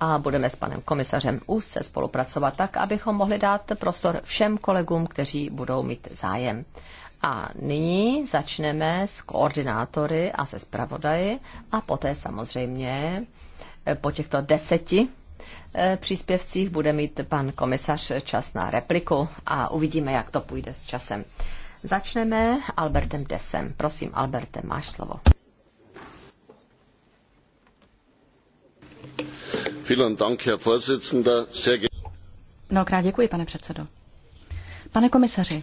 a budeme s panem komisařem úzce spolupracovat tak, abychom mohli dát prostor všem kolegům, kteří budou mít zájem. A nyní začneme s koordinátory a se zpravodaji a poté samozřejmě eh, po těchto deseti eh, příspěvcích bude mít pan komisař čas na repliku a uvidíme, jak to půjde s časem. Začneme Albertem Desem. Prosím, Alberte, máš slovo. Mnohokrát děkuji, pane předsedo. Pane komisaři,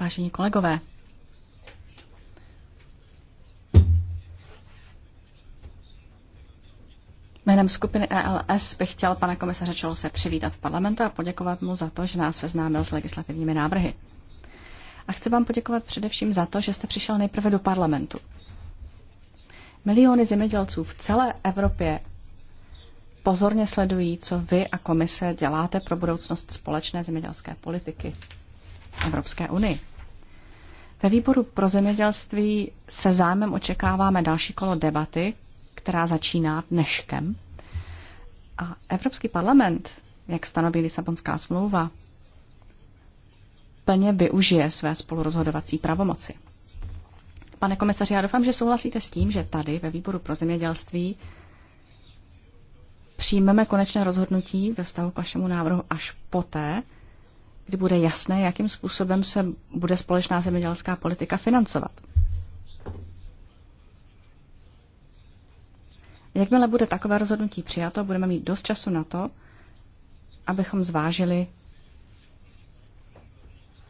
Vážení kolegové, jménem skupiny ELS bych chtěl pana komisaře Čolose přivítat v parlamentu a poděkovat mu za to, že nás seznámil s legislativními návrhy. A chci vám poděkovat především za to, že jste přišel nejprve do parlamentu. Miliony zemědělců v celé Evropě pozorně sledují, co vy a komise děláte pro budoucnost společné zemědělské politiky. Evropské unii. Ve výboru pro zemědělství se zájmem očekáváme další kolo debaty, která začíná dneškem. A Evropský parlament, jak stanoví Lisabonská smlouva, plně využije své spolurozhodovací pravomoci. Pane komisaři, já doufám, že souhlasíte s tím, že tady ve výboru pro zemědělství přijmeme konečné rozhodnutí ve vztahu k vašemu návrhu až poté, kdy bude jasné, jakým způsobem se bude společná zemědělská politika financovat. Jakmile bude takové rozhodnutí přijato, budeme mít dost času na to, abychom zvážili,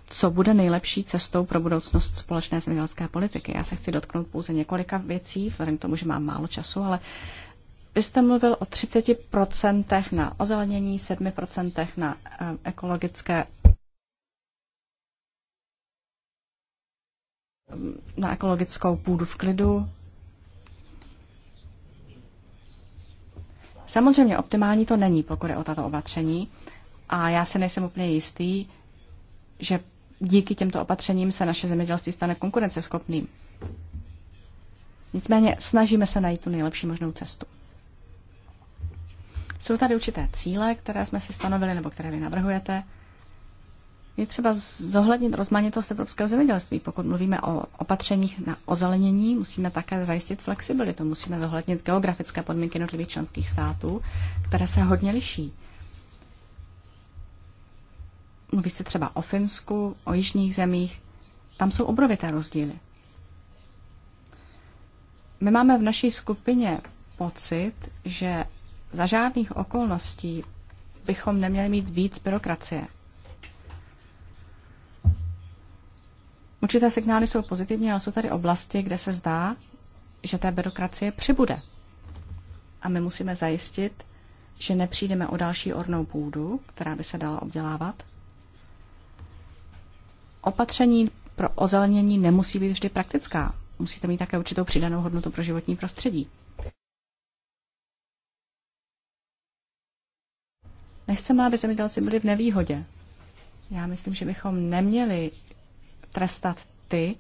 co bude nejlepší cestou pro budoucnost společné zemědělské politiky. Já se chci dotknout pouze několika věcí, vzhledem k tomu, že mám málo času, ale vy jste mluvil o 30% na ozelenění, 7% na eh, ekologické na ekologickou půdu v klidu. Samozřejmě optimální to není, pokud je o tato opatření. A já se nejsem úplně jistý, že díky těmto opatřením se naše zemědělství stane konkurenceschopným. Nicméně snažíme se najít tu nejlepší možnou cestu. Jsou tady určité cíle, které jsme si stanovili nebo které vy navrhujete. Je třeba zohlednit rozmanitost evropského zemědělství. Pokud mluvíme o opatřeních na ozelenění, musíme také zajistit flexibilitu. Musíme zohlednit geografické podmínky jednotlivých členských států, které se hodně liší. Mluví se třeba o Finsku, o jižních zemích. Tam jsou obrovité rozdíly. My máme v naší skupině pocit, že za žádných okolností bychom neměli mít víc byrokracie. Určité signály jsou pozitivní, ale jsou tady oblasti, kde se zdá, že té byrokracie přibude. A my musíme zajistit, že nepřijdeme o další ornou půdu, která by se dala obdělávat. Opatření pro ozelenění nemusí být vždy praktická. Musíte mít také určitou přidanou hodnotu pro životní prostředí. Nechceme, aby zemědělci byli v nevýhodě. Já myslím, že bychom neměli trestat ty,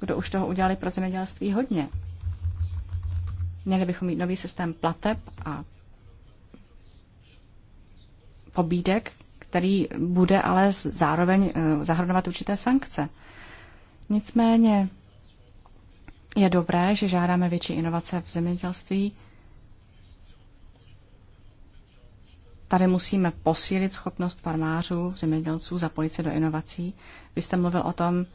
kdo už toho udělali pro zemědělství hodně. Měli bychom mít nový systém plateb a pobídek, který bude ale zároveň eh, zahrnovat určité sankce. Nicméně je dobré, že žádáme větší inovace v zemědělství, Tady musíme posílit schopnost farmářů, zemědělců zapojit se do inovací. Vy jste mluvil o tom,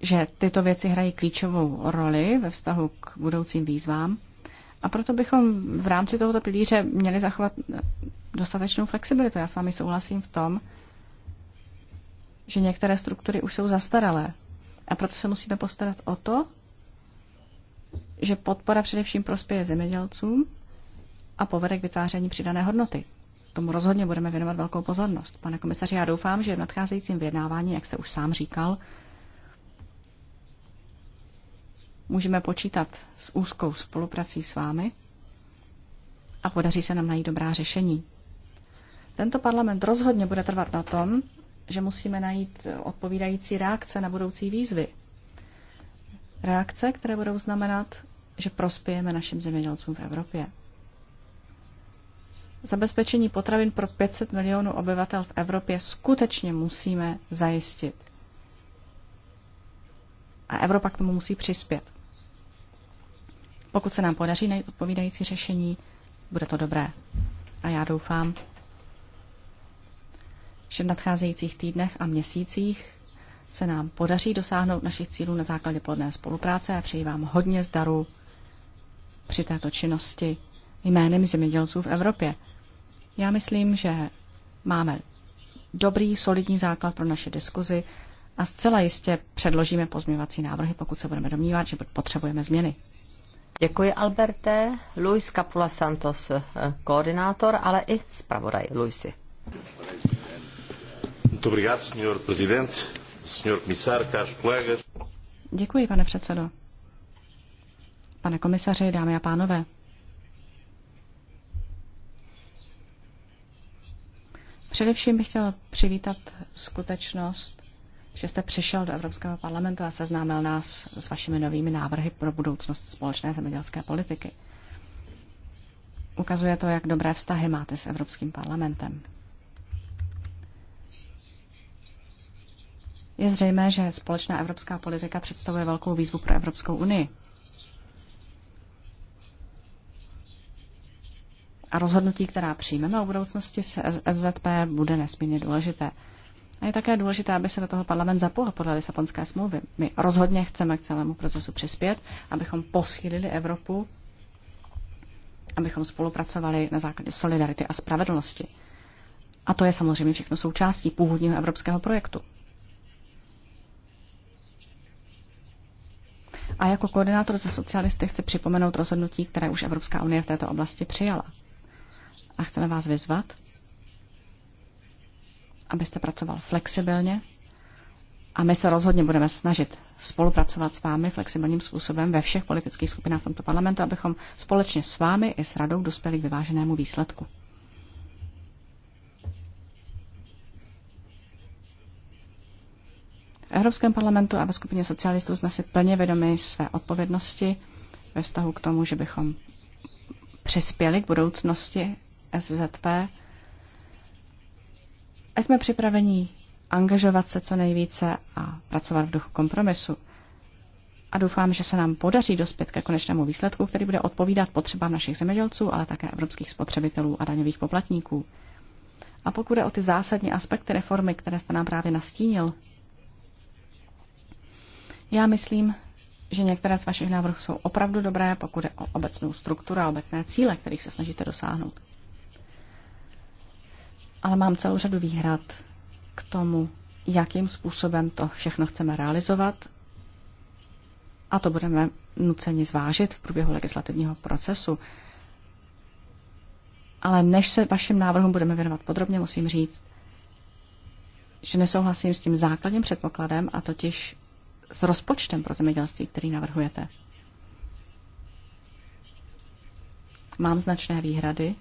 že tyto věci hrají klíčovou roli ve vztahu k budoucím výzvám. A proto bychom v rámci tohoto pilíře měli zachovat dostatečnou flexibilitu. Já s vámi souhlasím v tom, že některé struktury už jsou zastaralé. A proto se musíme postarat o to, že podpora především prospěje zemědělcům a povede k vytváření přidané hodnoty. Tomu rozhodně budeme věnovat velkou pozornost. Pane komisaři, já doufám, že v nadcházejícím vyjednávání, jak jste už sám říkal, můžeme počítat s úzkou spoluprací s vámi a podaří se nám najít dobrá řešení. Tento parlament rozhodně bude trvat na tom, že musíme najít odpovídající reakce na budoucí výzvy. Reakce, které budou znamenat, že prospějeme našim zemědělcům v Evropě zabezpečení potravin pro 500 milionů obyvatel v Evropě skutečně musíme zajistit. A Evropa k tomu musí přispět. Pokud se nám podaří najít odpovídající řešení, bude to dobré. A já doufám, že v nadcházejících týdnech a měsících se nám podaří dosáhnout našich cílů na základě plodné spolupráce a přeji vám hodně zdaru při této činnosti jménem zemědělců v Evropě. Já myslím, že máme dobrý, solidní základ pro naše diskuzi a zcela jistě předložíme pozměňovací návrhy, pokud se budeme domnívat, že potřebujeme změny. Děkuji, Alberte. Luis Capula Santos, eh, koordinátor, ale i zpravodaj Luisi. Děkuji, pane předsedo. Pane komisaři, dámy a pánové. Především bych chtěla přivítat skutečnost, že jste přišel do Evropského parlamentu a seznámil nás s vašimi novými návrhy pro budoucnost společné zemědělské politiky. Ukazuje to, jak dobré vztahy máte s Evropským parlamentem. Je zřejmé, že společná evropská politika představuje velkou výzvu pro Evropskou unii. a rozhodnutí, která přijmeme o budoucnosti SZP, bude nesmírně důležité. A je také důležité, aby se do toho parlament zapojil podle Lisabonské smlouvy. My rozhodně chceme k celému procesu přispět, abychom posílili Evropu, abychom spolupracovali na základě solidarity a spravedlnosti. A to je samozřejmě všechno součástí původního evropského projektu. A jako koordinátor za socialisty chci připomenout rozhodnutí, které už Evropská unie v této oblasti přijala a chceme vás vyzvat, abyste pracoval flexibilně a my se rozhodně budeme snažit spolupracovat s vámi flexibilním způsobem ve všech politických skupinách v tomto parlamentu, abychom společně s vámi i s radou dospěli k vyváženému výsledku. V Evropském parlamentu a ve skupině socialistů jsme si plně vědomi své odpovědnosti ve vztahu k tomu, že bychom přispěli k budoucnosti SZP a jsme připraveni angažovat se co nejvíce a pracovat v duchu kompromisu. A doufám, že se nám podaří dospět ke konečnému výsledku, který bude odpovídat potřebám našich zemědělců, ale také evropských spotřebitelů a daňových poplatníků. A pokud je o ty zásadní aspekty reformy, které jste nám právě nastínil, já myslím, že některé z vašich návrhů jsou opravdu dobré, pokud je o obecnou strukturu a obecné cíle, kterých se snažíte dosáhnout ale mám celou řadu výhrad k tomu, jakým způsobem to všechno chceme realizovat. A to budeme nuceni zvážit v průběhu legislativního procesu. Ale než se vašim návrhům budeme věnovat podrobně, musím říct, že nesouhlasím s tím základním předpokladem, a totiž s rozpočtem pro zemědělství, který navrhujete. Mám značné výhrady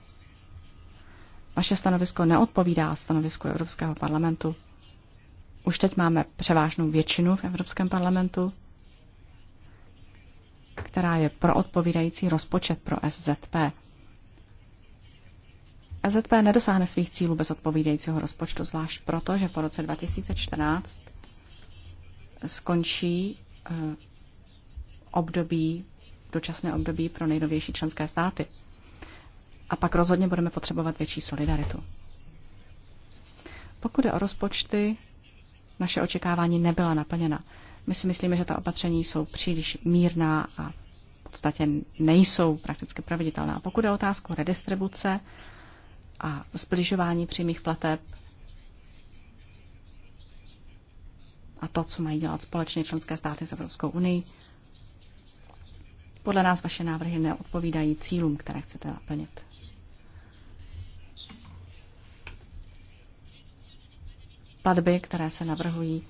vaše stanovisko neodpovídá stanovisku Evropského parlamentu. Už teď máme převážnou většinu v Evropském parlamentu, která je pro odpovídající rozpočet pro SZP. SZP nedosáhne svých cílů bez odpovídajícího rozpočtu, zvlášť proto, že po roce 2014 skončí eh, období, dočasné období pro nejnovější členské státy. A pak rozhodně budeme potřebovat větší solidaritu. Pokud je o rozpočty, naše očekávání nebyla naplněna. My si myslíme, že ta opatření jsou příliš mírná a v podstatě nejsou prakticky proveditelná. Pokud je otázku redistribuce a zbližování přímých plateb a to, co mají dělat společně členské státy s Evropskou unii, podle nás vaše návrhy neodpovídají cílům, které chcete naplnit. Platby, které se navrhují,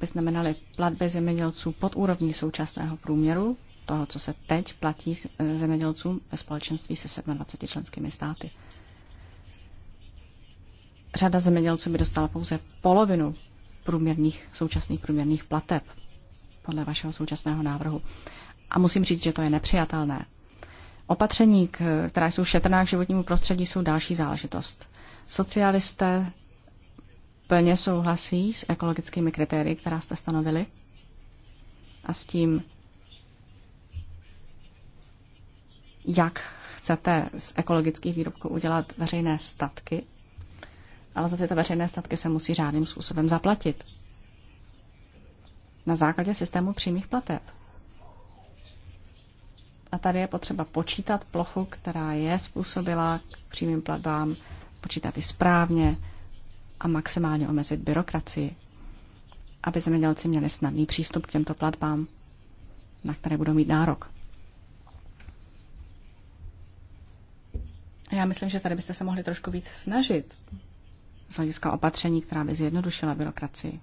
by znamenaly platby zemědělců pod úrovní současného průměru, toho, co se teď platí e, zemědělcům ve společenství se 27 členskými státy. Řada zemědělců by dostala pouze polovinu průměrných, současných průměrných plateb podle vašeho současného návrhu. A musím říct, že to je nepřijatelné. Opatření, která jsou šetrná k životnímu prostředí, jsou další záležitost. Socialisté plně souhlasí s ekologickými kritérii, která jste stanovili a s tím, jak chcete z ekologických výrobků udělat veřejné statky, ale za tyto veřejné statky se musí řádným způsobem zaplatit. Na základě systému přímých plateb. A tady je potřeba počítat plochu, která je způsobila k přímým platbám, počítat i správně, a maximálně omezit byrokracii, aby zemědělci měli snadný přístup k těmto platbám, na které budou mít nárok. Já myslím, že tady byste se mohli trošku víc snažit z hlediska opatření, která by zjednodušila byrokracii.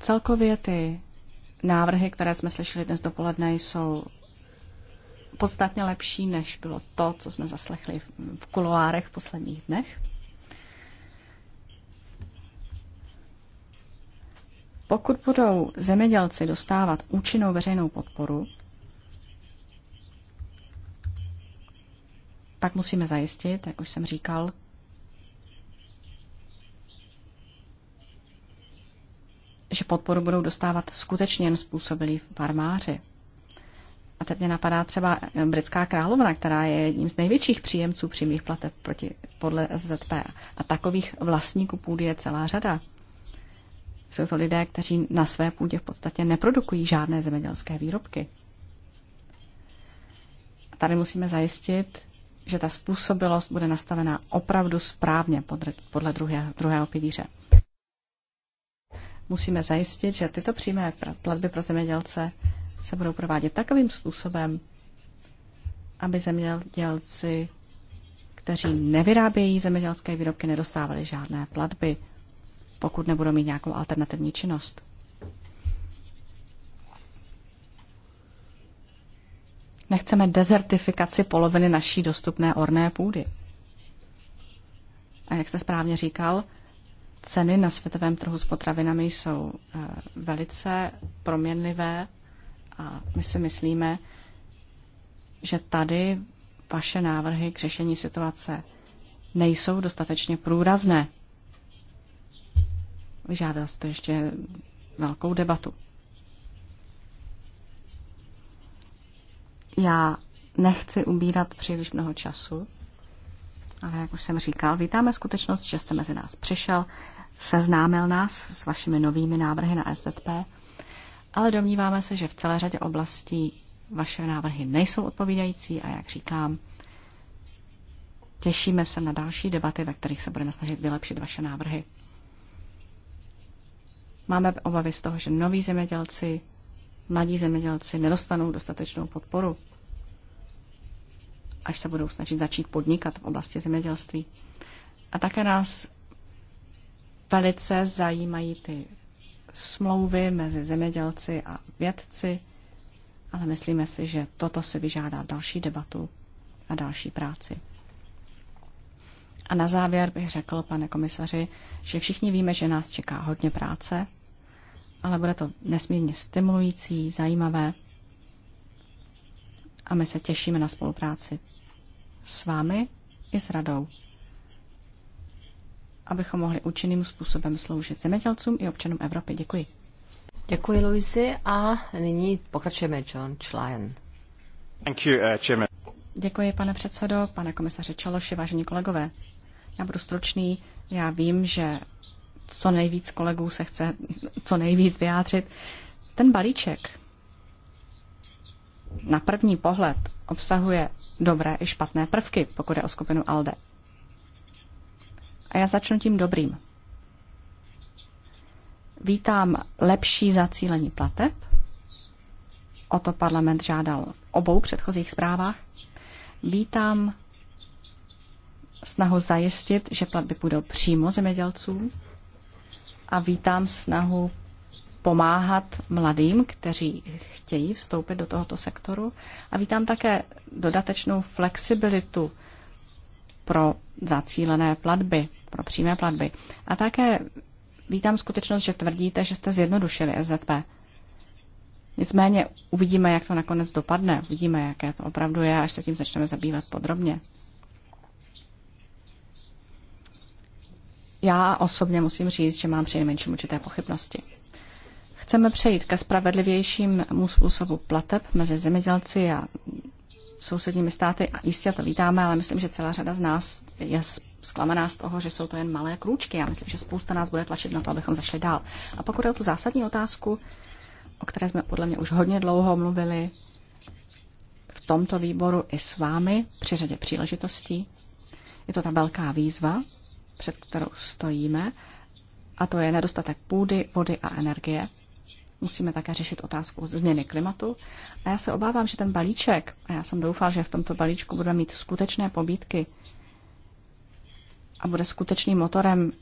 Celkově ty návrhy, které jsme slyšeli dnes dopoledne, jsou podstatně lepší, než bylo to, co jsme zaslechli v kuloárech v posledních dnech. Pokud budou zemědělci dostávat účinnou veřejnou podporu, pak musíme zajistit, jak už jsem říkal, že podporu budou dostávat skutečně jen způsobilí farmáři. A teď mě napadá třeba eh, britská královna, která je jedním z největších příjemců přímých plateb proti, podle SZP. A takových vlastníků půdy je celá řada. Jsou to lidé, kteří na své půdě v podstatě neprodukují žádné zemědělské výrobky. A tady musíme zajistit, že ta způsobilost bude nastavená opravdu správně podle, podle druhé, druhého pilíře. Musíme zajistit, že tyto přímé platby pro zemědělce se budou provádět takovým způsobem, aby zemědělci, kteří nevyrábějí zemědělské výrobky, nedostávali žádné platby, pokud nebudou mít nějakou alternativní činnost. Nechceme dezertifikaci poloviny naší dostupné orné půdy. A jak jste správně říkal, Ceny na světovém trhu s potravinami jsou eh, velice proměnlivé a my si myslíme, že tady vaše návrhy k řešení situace nejsou dostatečně průrazné. Vyžádá se to ještě velkou debatu. Já nechci ubírat příliš mnoho času, ale jak už jsem říkal, vítáme skutečnost, že jste mezi nás přišel seznámil nás s vašimi novými návrhy na SZP, ale domníváme se, že v celé řadě oblastí vaše návrhy nejsou odpovídající a jak říkám, těšíme se na další debaty, ve kterých se budeme snažit vylepšit vaše návrhy. Máme obavy z toho, že noví zemědělci, mladí zemědělci nedostanou dostatečnou podporu, až se budou snažit začít podnikat v oblasti zemědělství. A také nás velice zajímají ty smlouvy mezi zemědělci a vědci, ale myslíme si, že toto se vyžádá další debatu a další práci. A na závěr bych řekl, pane komisaři, že všichni víme, že nás čeká hodně práce, ale bude to nesmírně stimulující, zajímavé a my se těšíme na spolupráci s vámi i s radou abychom mohli účinným způsobem sloužit zemědělcům i občanům Evropy. Děkuji. Děkuji, Luisi. A nyní pokračujeme John Schlein. Thank you, uh, chairman. Děkuji, pane předsedo, pane komisaře Čaloši, vážení kolegové. Já budu stručný. Já vím, že co nejvíc kolegů se chce co nejvíc vyjádřit. Ten balíček na první pohled obsahuje dobré i špatné prvky, pokud je o skupinu ALDE. A já začnu tím dobrým. Vítám lepší zacílení plateb. O to parlament žádal v obou předchozích zprávách. Vítám snahu zajistit, že platby budou přímo zemědělcům a vítám snahu pomáhat mladým, kteří chtějí vstoupit do tohoto sektoru a vítám také dodatečnou flexibilitu pro zacílené platby pro přímé platby. A také vítám skutečnost, že tvrdíte, že jste zjednodušili SZP. Nicméně uvidíme, jak to nakonec dopadne, uvidíme, jaké to opravdu je, až se tím začneme zabývat podrobně. Já osobně musím říct, že mám nejmenším určité pochybnosti. Chceme přejít ke spravedlivějšímu způsobu plateb mezi zemědělci a sousedními státy a jistě to vítáme, ale myslím, že celá řada z nás je zklamaná z toho, že jsou to jen malé krůčky. Já myslím, že spousta nás bude tlačit na to, abychom zašli dál. A pokud je o tu zásadní otázku, o které jsme podle mě už hodně dlouho mluvili v tomto výboru i s vámi při řadě příležitostí, je to ta velká výzva, před kterou stojíme, a to je nedostatek půdy, vody a energie. Musíme také řešit otázku změny klimatu. A já se obávám, že ten balíček, a já jsem doufal, že v tomto balíčku budeme mít skutečné pobídky a bude skutečným motorem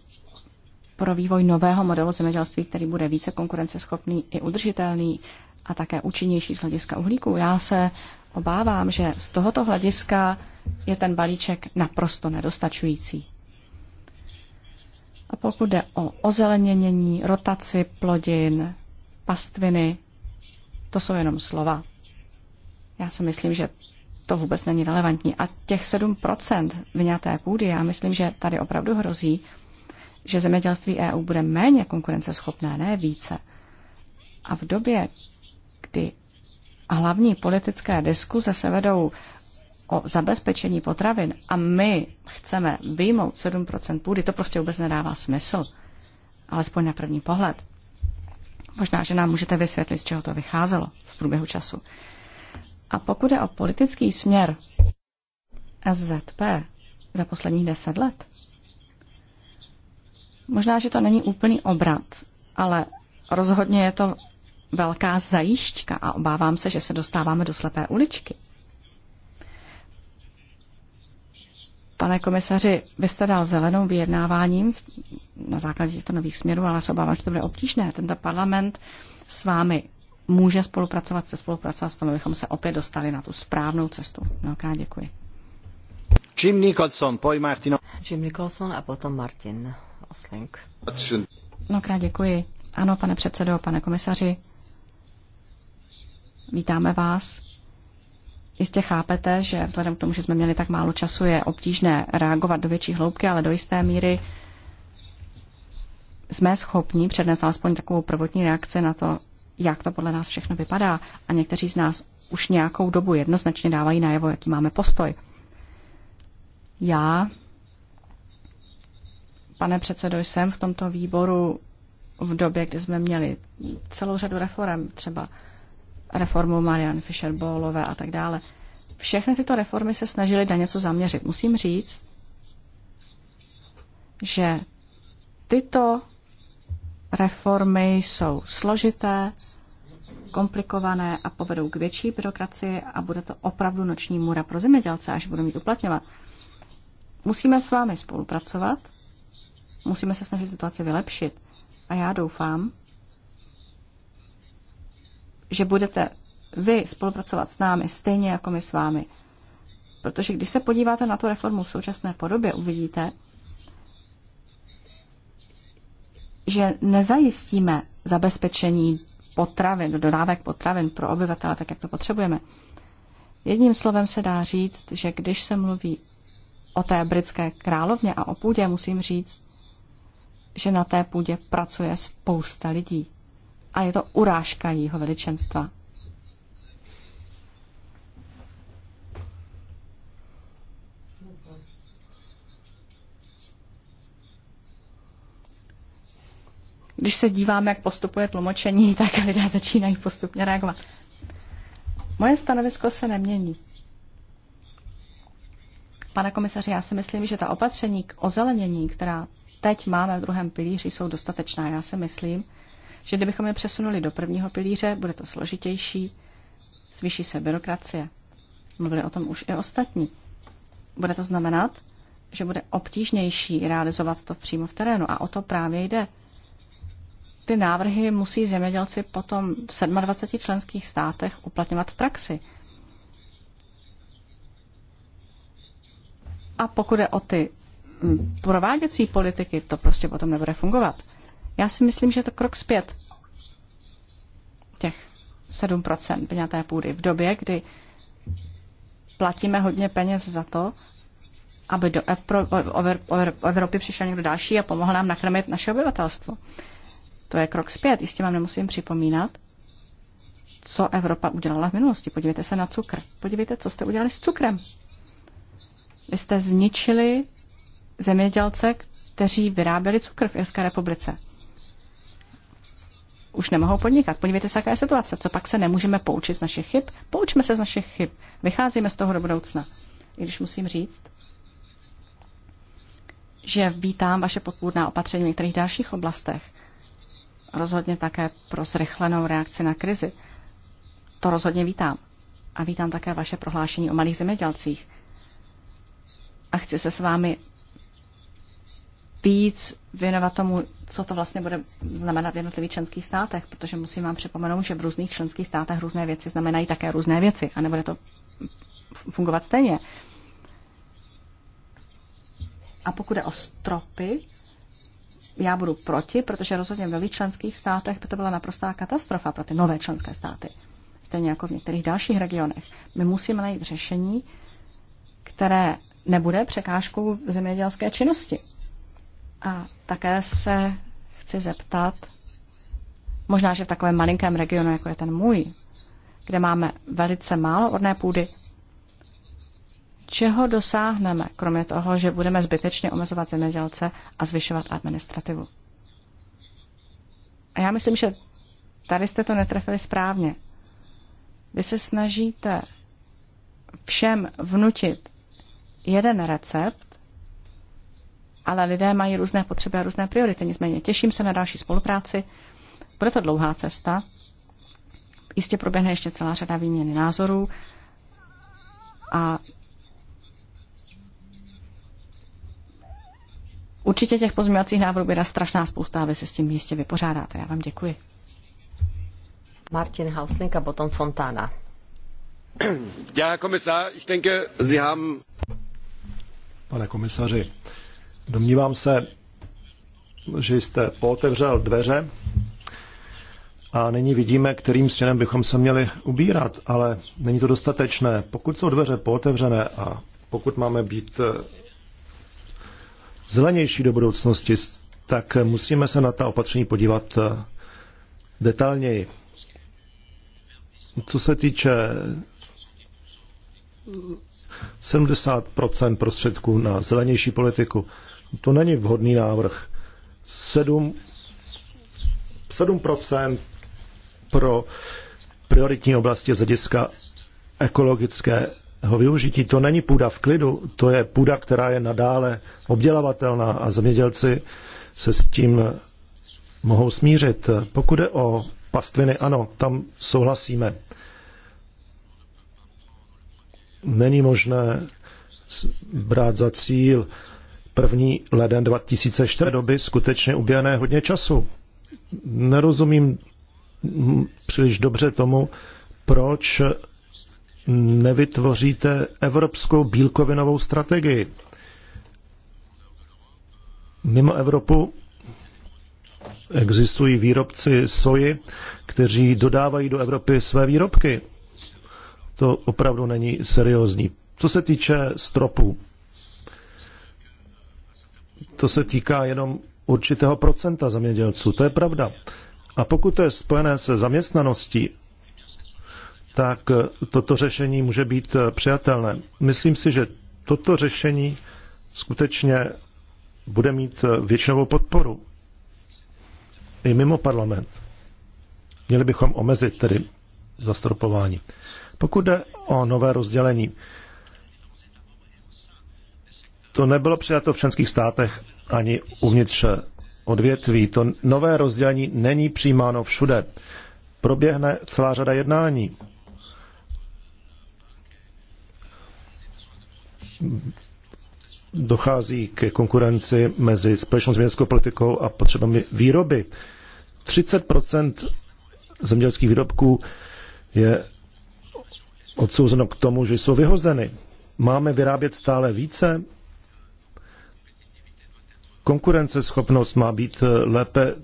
pro vývoj nového modelu zemědělství, který bude více konkurenceschopný i udržitelný a také účinnější z hlediska uhlíku. Já se obávám, že z tohoto hlediska je ten balíček naprosto nedostačující. A pokud jde o ozelenění, rotaci plodin, pastviny, to jsou jenom slova. Já si myslím, že to vůbec není relevantní. A těch 7% vyňaté půdy, já myslím, že tady opravdu hrozí, že zemědělství EU bude méně konkurenceschopné, ne více. A v době, kdy hlavní politické diskuze se vedou o zabezpečení potravin a my chceme vyjmout 7% půdy, to prostě vůbec nedává smysl. Alespoň na první pohled. Možná, že nám můžete vysvětlit, z čeho to vycházelo v průběhu času. A pokud je o politický směr SZP za posledních deset let, možná, že to není úplný obrat, ale rozhodně je to velká zajišťka a obávám se, že se dostáváme do slepé uličky. Pane komisaři, vy jste dal zelenou vyjednáváním na základě těchto nových směrů, ale se obávám, že to bude obtížné. Tento parlament s vámi může spolupracovat, se spolupracovat s tom, abychom se opět dostali na tu správnou cestu. Mnohokrát děkuji. Jim Nicholson, poj Martino. Jim Nicholson a potom Martin Osling. Mnohokrát děkuji. Ano, pane předsedo, pane komisaři, vítáme vás. Jistě chápete, že vzhledem k tomu, že jsme měli tak málo času, je obtížné reagovat do větší hloubky, ale do jisté míry jsme schopni přednést alespoň takovou prvotní reakci na to, jak to podle nás všechno vypadá. A někteří z nás už nějakou dobu jednoznačně dávají najevo, jaký máme postoj. Já, pane předsedo, jsem v tomto výboru v době, kdy jsme měli celou řadu reform, třeba reformu Marian Fischer, Bolové a tak dále. Všechny tyto reformy se snažily na něco zaměřit. Musím říct, že tyto Reformy jsou složité, komplikované a povedou k větší byrokracii a bude to opravdu noční můra pro zemědělce, až budou mít uplatňovat. Musíme s vámi spolupracovat, musíme se snažit situaci vylepšit a já doufám, že budete vy spolupracovat s námi stejně jako my s vámi. Protože když se podíváte na tu reformu v současné podobě, uvidíte, že nezajistíme zabezpečení potravin, dodávek potravin pro obyvatele, tak jak to potřebujeme. Jedním slovem se dá říct, že když se mluví o té britské královně a o půdě, musím říct, že na té půdě pracuje spousta lidí. A je to urážka jeho veličenstva. Když se dívám, jak postupuje tlumočení, tak lidé začínají postupně reagovat. Moje stanovisko se nemění. Pane komisaři, já si myslím, že ta opatření k ozelenění, která teď máme v druhém pilíři, jsou dostatečná. Já si myslím, že kdybychom je přesunuli do prvního pilíře, bude to složitější, zvýší se byrokracie. Mluvili o tom už i ostatní. Bude to znamenat, že bude obtížnější realizovat to přímo v terénu a o to právě jde ty návrhy musí zemědělci potom v 27 členských státech uplatňovat v praxi. A pokud je o ty mm, prováděcí politiky, to prostě potom nebude fungovat. Já si myslím, že je to krok zpět těch 7 vyňaté půdy v době, kdy platíme hodně peněz za to, aby do Evropy přišel někdo další a pomohl nám nakrmit naše obyvatelstvo. To je krok zpět. Jistě vám nemusím připomínat, co Evropa udělala v minulosti. Podívejte se na cukr. Podívejte, co jste udělali s cukrem. Vy jste zničili zemědělce, kteří vyráběli cukr v Irské republice. Už nemohou podnikat. Podívejte se, jaká je situace. Co pak se nemůžeme poučit z našich chyb? Poučme se z našich chyb. Vycházíme z toho do budoucna. I když musím říct, že vítám vaše podpůrná opatření v některých dalších oblastech rozhodně také pro zrychlenou reakci na krizi. To rozhodně vítám. A vítám také vaše prohlášení o malých zemědělcích. A chci se s vámi víc věnovat tomu, co to vlastně bude znamenat v jednotlivých členských státech, protože musím vám připomenout, že v různých členských státech různé věci znamenají také různé věci a nebude to fungovat stejně. A pokud je o stropy, já budu proti, protože rozhodně ve členských státech by to byla naprostá katastrofa pro ty nové členské státy. Stejně jako v některých dalších regionech. My musíme najít řešení, které nebude překážkou v zemědělské činnosti. A také se chci zeptat, možná, že v takovém malinkém regionu, jako je ten můj, kde máme velice málo orné půdy, Čeho dosáhneme, kromě toho, že budeme zbytečně omezovat zemědělce a zvyšovat administrativu? A já myslím, že tady jste to netrefili správně. Vy se snažíte všem vnutit jeden recept, ale lidé mají různé potřeby a různé priority. Nicméně těším se na další spolupráci. Bude to dlouhá cesta. Jistě proběhne ještě celá řada výměny názorů a Určitě těch pozměňovacích návrhů byla strašná spousta aby se s tím jistě vypořádáte. Já vám děkuji. Martin Hausling a potom Fontána. Já, komisář, ich denke, Sie haben... Pane komisaři, domnívám se, že jste pootevřel dveře a nyní vidíme, kterým směrem bychom se měli ubírat, ale není to dostatečné. Pokud jsou dveře pootevřené a pokud máme být zelenější do budoucnosti, tak musíme se na ta opatření podívat eh, detailněji. Co se týče 70 eh, prostředků na zelenější politiku, to není vhodný návrh. 7, 7 pro prioritní oblasti z hlediska ekologické využití. To není půda v klidu, to je půda, která je nadále obdělavatelná a zemědělci se s tím mohou smířit. Pokud je o pastviny, ano, tam souhlasíme. Není možné brát za cíl první leden 2004 doby skutečně uběhne hodně času. Nerozumím příliš dobře tomu, proč nevytvoříte evropskou bílkovinovou strategii. Mimo Evropu existují výrobci soji, kteří dodávají do Evropy své výrobky. To opravdu není seriózní. Co se týče stropů, to se týká jenom určitého procenta zemědělců. To je pravda. A pokud to je spojené se zaměstnaností tak eh, toto řešení může být eh, přijatelné. Myslím si, že toto řešení skutečně bude mít eh, většinovou podporu i mimo parlament. Měli bychom omezit tedy zastropování. Pokud jde o nové rozdělení, to nebylo přijato v členských státech ani uvnitř odvětví. To nové rozdělení není přijímáno všude. Proběhne celá řada jednání dochází ke konkurenci mezi společnou zemědělskou politikou a potřebami výroby. 30 zemědělských výrobků je odsouzeno k tomu, že jsou vyhozeny. Máme vyrábět stále více? Konkurenceschopnost má být eh, lépe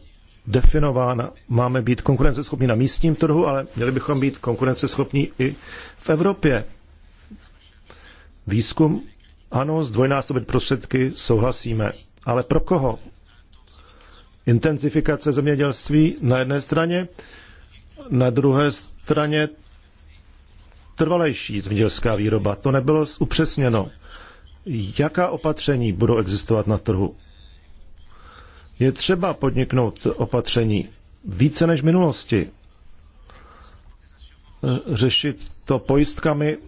definována. Máme být konkurenceschopní na místním trhu, ale měli bychom být konkurenceschopní i v Evropě. Výzkum, ano, zdvojnásobit prostředky, souhlasíme. Ale pro koho? Intenzifikace zemědělství na jedné straně, na druhé straně trvalejší zemědělská výroba. To nebylo upřesněno. Jaká opatření budou existovat na trhu? Je třeba podniknout opatření více než v minulosti. Řešit to pojistkami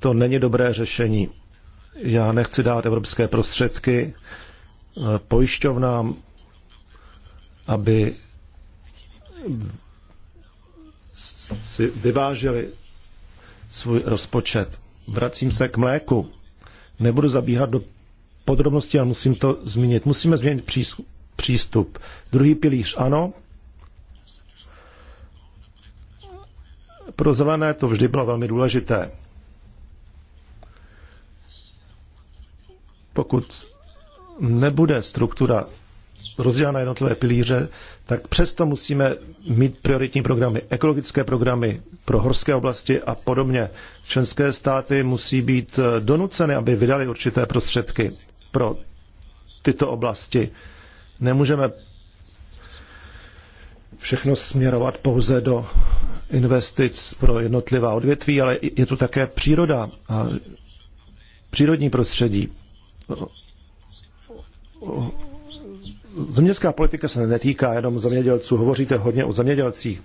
to není dobré řešení. Já nechci dát evropské prostředky eh, pojišťovnám, aby si vyváželi svůj rozpočet. Vracím se k mléku. Nebudu zabíhat do podrobností, ale musím to zmínit. Musíme změnit přístup. Druhý pilíř ano. Pro zelené to vždy bylo velmi důležité. pokud nebude struktura rozdělena na jednotlivé pilíře, tak přesto musíme mít prioritní programy, ekologické programy pro horské oblasti a podobně. Členské státy musí být eh, donuceny, aby vydali určité prostředky pro tyto oblasti. Nemůžeme všechno směrovat pouze do investic pro jednotlivá odvětví, ale je tu také příroda a přírodní prostředí. Zemědělská politika se netýká jenom zemědělců, hovoříte hodně o zemědělcích.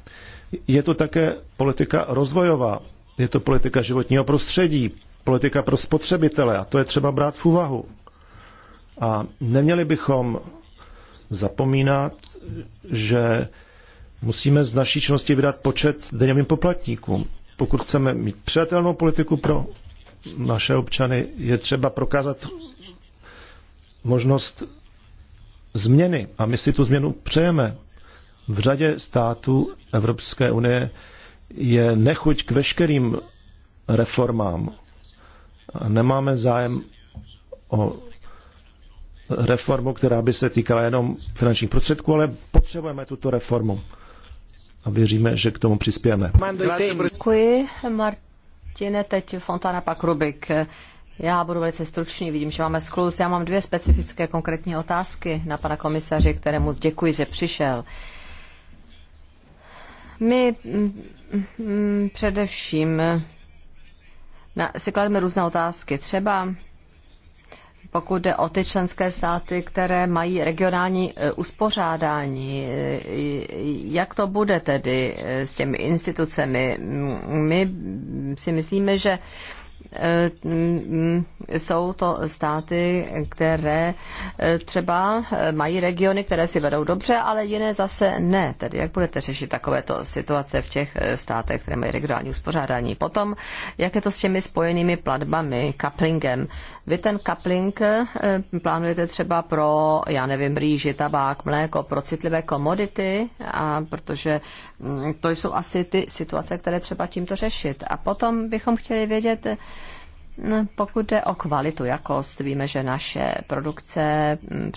Je to také politika rozvojová, je to politika životního prostředí, politika pro spotřebitele a to je třeba brát v úvahu. A neměli bychom zapomínat, že musíme z naší činnosti vydat počet denním poplatníkům. Pokud chceme mít přijatelnou politiku pro naše občany, je třeba prokázat možnost změny a my si tu změnu přejeme. V řadě států Evropské unie je nechuť k veškerým reformám. A nemáme zájem o reformu, která by se týkala jenom finančních prostředků, ale potřebujeme tuto reformu a věříme, že k tomu přispějeme. Děkuji, Martine. Teď Fontana Pakrubik. Já budu velice stručný, vidím, že máme sklus. Já mám dvě specifické konkrétní otázky na pana komisaře, kterému děkuji, že přišel. My m, mm, m, m, především na, si klademe různé otázky. Třeba pokud jde o ty členské státy, které mají regionální e, uspořádání, e, jak to bude tedy e, s těmi institucemi? My si myslíme, že Eh, mm, mm, jsou to státy, které eh, třeba eh, mají regiony, které si vedou dobře, ale jiné zase ne. Tedy jak budete řešit takovéto situace v těch státech, které mají regionální uspořádání? Potom, jak je to s těmi spojenými platbami, couplingem? Vy ten coupling eh, plánujete třeba pro, já nevím, rýži, tabák, mléko, pro citlivé komodity, a protože mm, to jsou asi ty situace, které třeba tímto řešit. A potom bychom chtěli vědět, eh, pokud jde o kvalitu, jakost, víme, že naše produkce, mm,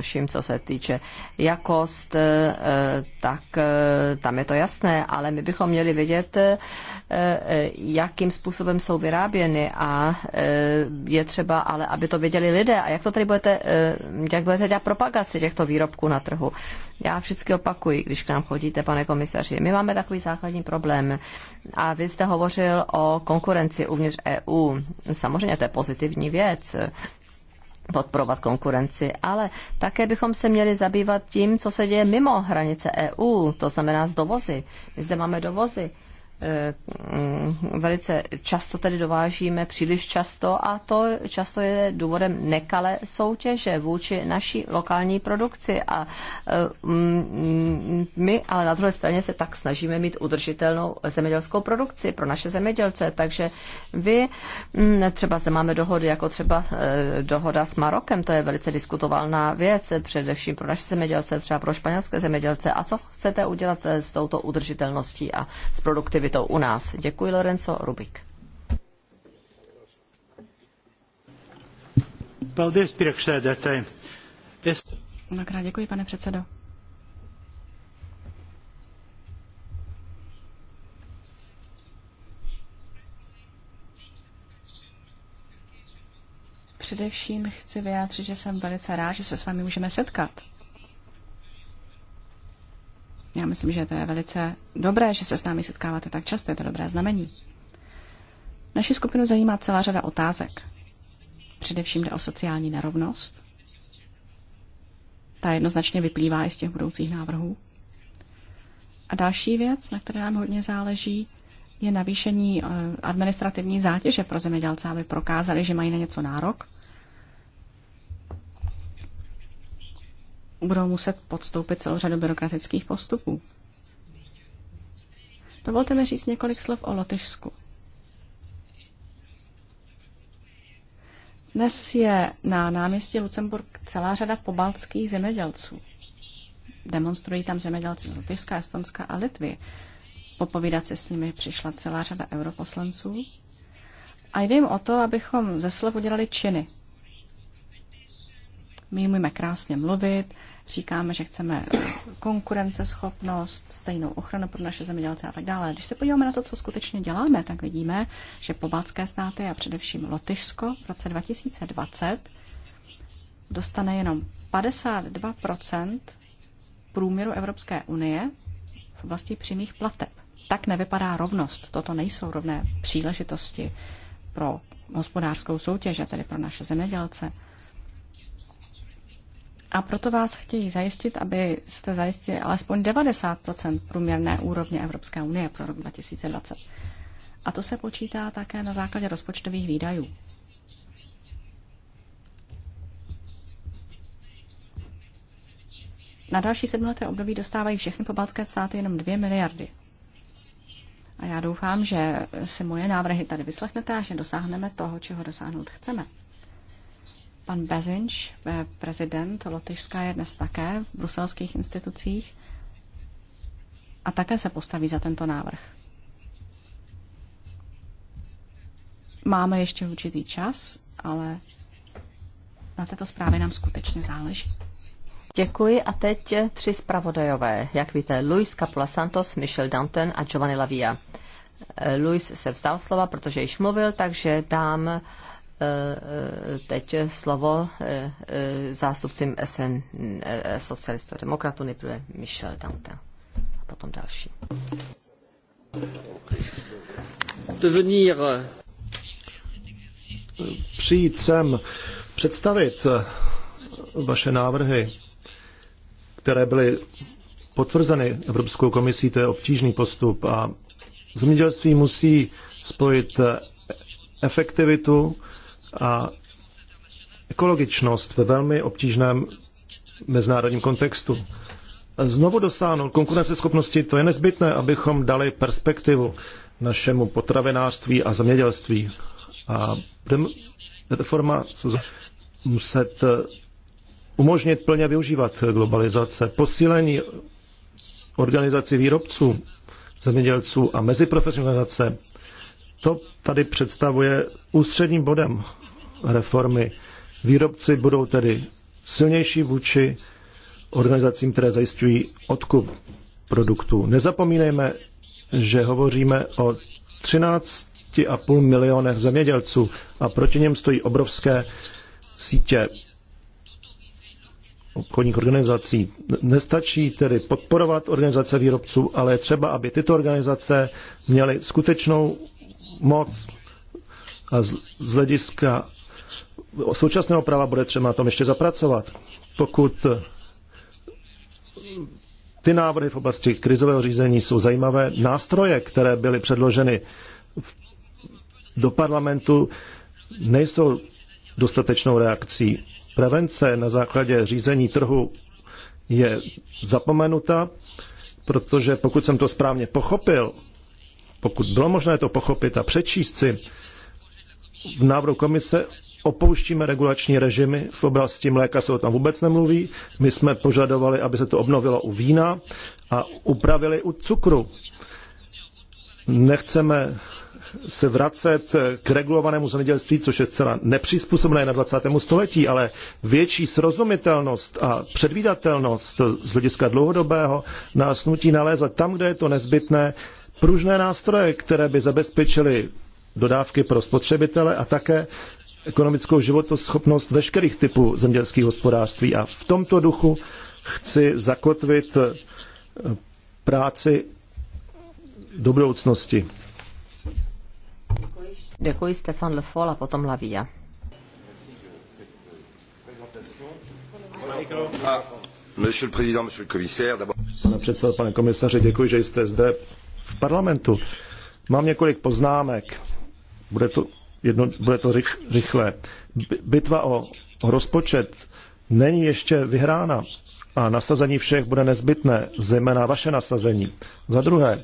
vším, co se týče jakost, eh, tak eh, tam je to jasné, ale my bychom měli vědět, eh, jakým způsobem jsou vyráběny a je třeba, ale aby to věděli lidé. A jak to tady budete, jak budete dělat propagaci těchto výrobků na trhu? Já vždycky opakuji, když k nám chodíte, pane komisaři. My máme takový základní problém. A vy jste hovořil o konkurenci uvnitř EU. Samozřejmě to je pozitivní věc podporovat konkurenci, ale také bychom se měli zabývat tím, co se děje mimo hranice EU, to znamená z dovozy. My zde máme dovozy Eh, velice často tedy dovážíme, příliš často a to často je důvodem nekalé soutěže vůči naší lokální produkci a eh, mm, my ale na druhé straně se tak snažíme mít udržitelnou zemědělskou produkci pro naše zemědělce, takže vy mm, třeba zde máme dohody, jako třeba eh, dohoda s Marokem, to je velice diskutovalná věc, především pro naše zemědělce, třeba pro španělské zemědělce a co chcete udělat s touto udržitelností a s produktivitou prioritou u nás. Děkuji, Lorenzo Rubik. Mnohokrát děkuji, pane předsedo. Především chci vyjádřit, že jsem velice rád, že se s vámi můžeme setkat. Já myslím, že to je velice dobré, že se s námi setkáváte tak často, je to dobré znamení. Naši skupinu zajímá celá řada otázek. Především jde o sociální nerovnost. Ta jednoznačně vyplývá i z těch budoucích návrhů. A další věc, na které nám hodně záleží, je navýšení eh, administrativní zátěže pro zemědělce, aby prokázali, že mají na něco nárok budou muset podstoupit celou řadu byrokratických postupů. Dovolte mi říct několik slov o Lotyšsku. Dnes je na náměstí Lucemburg celá řada pobaltských zemědělců. Demonstrují tam zemědělci z Lotyšska, Estonska a Litvy. Popovídat se s nimi přišla celá řada europoslanců. A jde jim o to, abychom ze slov udělali činy. My umíme krásně mluvit, říkáme, že chceme eh, konkurenceschopnost, stejnou ochranu pro naše zemědělce a tak dále. Když se podíváme na to, co skutečně děláme, tak vidíme, že pobaltské státy a především Lotyšsko v roce 2020 dostane jenom 52 průměru Evropské unie v oblasti přímých plateb. Tak nevypadá rovnost. Toto nejsou rovné příležitosti pro hospodářskou soutěž a tedy pro naše zemědělce. A proto vás chtějí zajistit, abyste zajistili alespoň 90 průměrné úrovně Evropské unie pro rok 2020. A to se počítá také na základě rozpočtových výdajů. Na další sedmleté období dostávají všechny pobaltské státy jenom 2 miliardy. A já doufám, že si moje návrhy tady vyslechnete a že dosáhneme toho, čeho dosáhnout chceme. Pan Bezinč, eh, prezident Lotyšská, je dnes také v bruselských institucích a také se postaví za tento návrh. Máme ještě určitý čas, ale na této zprávě nám skutečně záleží. Děkuji a teď tři zpravodajové. Jak víte, Luis Capula Santos, Michel Danten a Giovanni Lavia. Eh, Luis se vzdal slova, protože již mluvil, takže dám Eh, teď slovo eh, zástupcím SN, eh, socialistů a demokratů, nejprve Michel Dante a potom další. Devenir. Přijít sem, představit vaše návrhy, které byly potvrzeny Evropskou komisí, to je obtížný postup a zemědělství musí spojit efektivitu a ekologičnost ve velmi obtížném mezinárodním kontextu. Znovu dosáhnout konkurenceschopnosti, to je nezbytné, abychom dali perspektivu našemu potravinářství a zemědělství. A reforma muset eh, umožnit plně využívat globalizace, posílení organizaci výrobců, zemědělců a meziprofesionalizace. To tady představuje ústředním bodem reformy. Výrobci budou tedy silnější vůči organizacím, které zajišťují odkup produktů. Nezapomínejme, že hovoříme o 13,5 milionech zemědělců a proti něm stojí obrovské sítě obchodních organizací. Nestačí tedy podporovat organizace výrobců, ale je třeba, aby tyto organizace měly skutečnou moc a z hlediska současného práva bude třeba na tom ještě zapracovat. Pokud eh, ty návrhy v oblasti krizového řízení jsou zajímavé, nástroje, které byly předloženy do parlamentu, nejsou dostatečnou reakcí. Prevence na základě řízení trhu je zapomenuta, protože pokud jsem to správně pochopil, pokud bylo možné to pochopit a přečíst si, v návrhu komise opouštíme regulační režimy. V oblasti mléka se o tom vůbec nemluví. My jsme požadovali, aby se to obnovilo u vína a upravili u cukru. Nechceme se vracet k regulovanému zemědělství, což je zcela nepřizpůsobené na 20. století, ale větší srozumitelnost a předvídatelnost z hlediska dlouhodobého nás nutí nalézat tam, kde je to nezbytné, pružné nástroje, které by zabezpečily dodávky pro spotřebitele a také ekonomickou životoschopnost veškerých typů zemědělských hospodářství. A v tomto duchu chci zakotvit eh, práci do budoucnosti. Děkuji Stefan Le a potom Lavia. Pane předsedo, pane komisaři, děkuji, že jste zde v parlamentu. Mám několik poznámek. Bude to jedno, bude to rych, rychle. Bitva o rozpočet není ještě vyhrána a nasazení všech bude nezbytné, zejména vaše nasazení. Za druhé,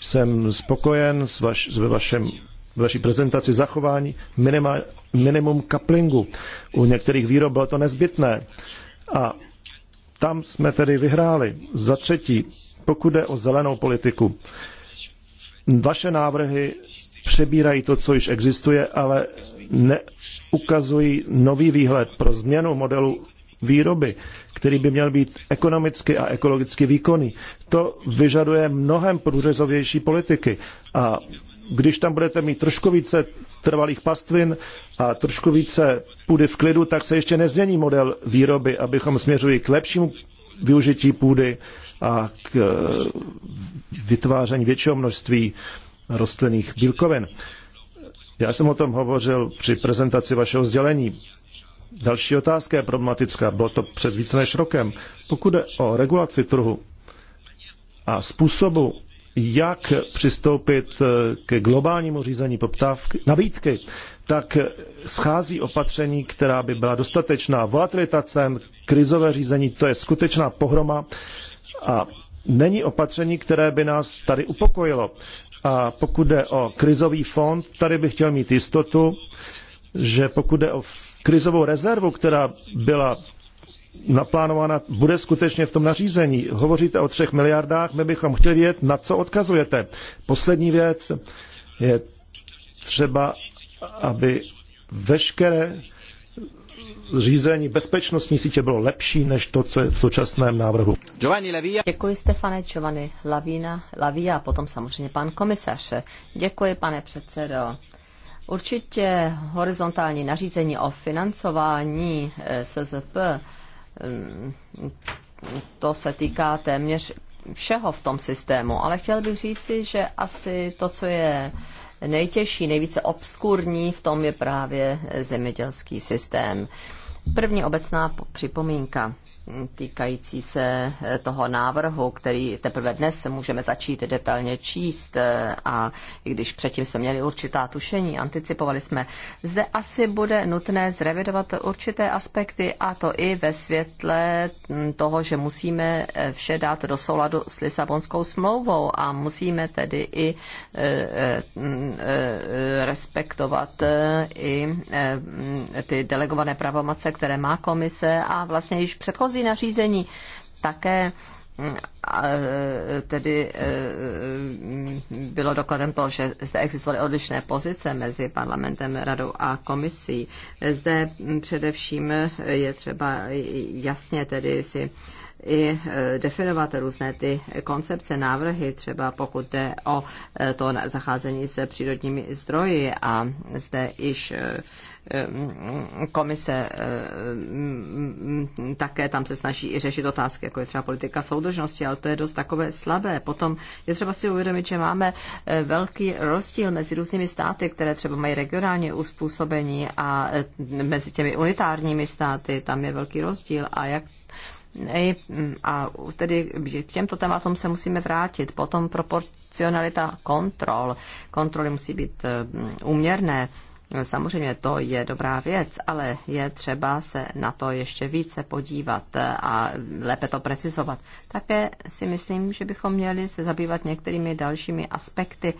jsem spokojen s, vaš, s vašem vaší prezentaci zachování minima, minimum kaplingu. U některých výrob bylo to nezbytné. A tam jsme tedy vyhráli. Za třetí, pokud jde o zelenou politiku, vaše návrhy přebírají to, co již existuje, ale neukazují nový výhled pro změnu modelu výroby, který by měl být ekonomicky a ekologicky výkonný. To vyžaduje mnohem průřezovější politiky. A když tam budete mít trošku více trvalých pastvin a trošku více půdy v klidu, tak se ještě nezmění model výroby, abychom směřili k lepšímu využití půdy a k e, vytváření většího množství rostlinných bílkovin. Já jsem o tom hovořil při prezentaci vašeho sdělení. Další otázka je problematická, bylo to před více než rokem. Pokud je o regulaci trhu a způsobu, jak přistoupit eh, k globálnímu řízení poptávky, nabídky, tak schází opatření, která by byla dostatečná. Volatilita cen, krizové řízení, to je skutečná pohroma a není opatření, které by nás tady upokojilo. A pokud jde o krizový fond, tady bych chtěl mít jistotu, že pokud jde o krizovou rezervu, která byla naplánována, bude skutečně v tom nařízení. Hovoříte o třech miliardách, my bychom chtěli vědět, na co odkazujete. Poslední věc je třeba, aby veškeré řízení bezpečnostní sítě bylo lepší než to, co je v současném návrhu. Giovanni Lavia. Děkuji Stefane Giovanni Lavina, Lavia a potom samozřejmě pan komisař. Děkuji pane předsedo. Určitě horizontální nařízení o financování eh, SZP, mm, to se týká téměř všeho v tom systému, ale chtěl bych říci, že asi to, co je nejtěžší, nejvíce obskurní v tom je právě zemědělský systém. První obecná připomínka týkající se eh, toho návrhu, který teprve dnes můžeme začít detailně číst eh, a i když předtím jsme měli určitá tušení, anticipovali jsme, zde asi bude nutné zrevidovat určité aspekty a to i ve světle mm, toho, že musíme eh, vše dát do souladu s Lisabonskou smlouvou a musíme tedy i mm, respektovat i mm, ty delegované pravomace, které má komise a vlastně již předchozí předchozí nařízení. Také mm, e, tedy e, mm, bylo dokladem toho, že zde existovaly odlišné pozice mezi parlamentem, radou a komisí. Zde mm, především je třeba jasně tedy si i e, definovat různé ty koncepce, návrhy, třeba pokud jde o to zacházení se přírodními zdroji a zde již Ehm, komise ehm, také tam se snaží i řešit otázky, jako je třeba politika soudržnosti, ale to je dost takové slabé. Potom je třeba si uvědomit, že máme e, velký rozdíl mezi různými státy, které třeba mají regionálně uspůsobení a e, mezi těmi unitárními státy, tam je velký rozdíl a jak e, a tedy k těmto tématům se musíme vrátit. Potom proporcionalita kontrol. Kontroly musí být uměrné Samozřejmě to je dobrá věc, ale je třeba se na to ještě více podívat a lépe to precizovat. Také si myslím, že bychom měli se zabývat některými dalšími aspekty,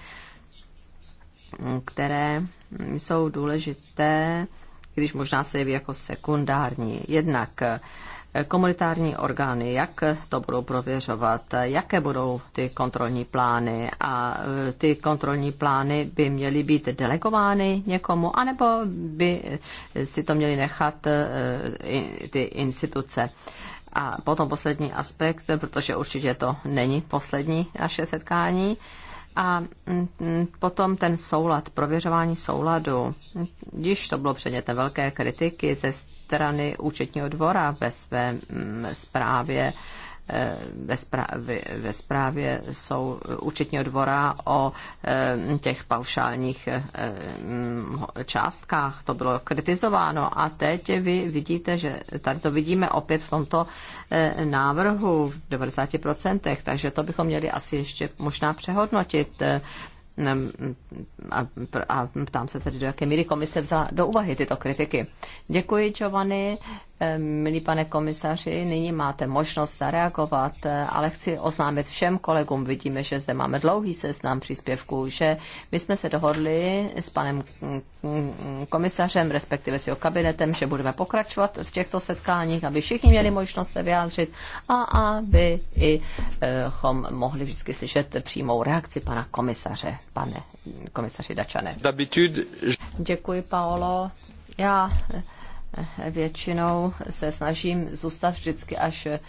které jsou důležité, když možná se jeví jako sekundární. Jednak komunitární orgány, jak to budou prověřovat, jaké budou ty kontrolní plány a e, ty kontrolní plány by měly být delegovány někomu, anebo by si to měly nechat e, ty instituce. A potom poslední aspekt, protože určitě to není poslední naše setkání, a potom ten soulad, prověřování souladu, když to bylo předmětem velké kritiky ze strany účetního dvora ve své mm, zprávě eh, ve zprávě, ve zprávě jsou účetního dvora o eh, těch paušálních eh, mm, částkách. To bylo kritizováno a teď vy vidíte, že tady to vidíme opět v tomto návrhu v 90%, takže to bychom měli asi ještě možná přehodnotit a, a ptám se tedy, do jaké míry komise vzala do úvahy tyto kritiky. Děkuji, Giovanni. Ehm, Milí pane komisaři, nyní máte možnost zareagovat, eh, ale chci oznámit všem kolegům, vidíme, že zde máme dlouhý seznam příspěvků, že my jsme se dohodli s panem komisařem, respektive s jeho kabinetem, že budeme pokračovat v těchto setkáních, aby všichni měli možnost se vyjádřit a aby i chom mohli vždycky slyšet přímou reakci pana komisaře, pane komisaři Dačane. Děkuji, Paolo. Já většinou se snažím zůstat vždycky až eh,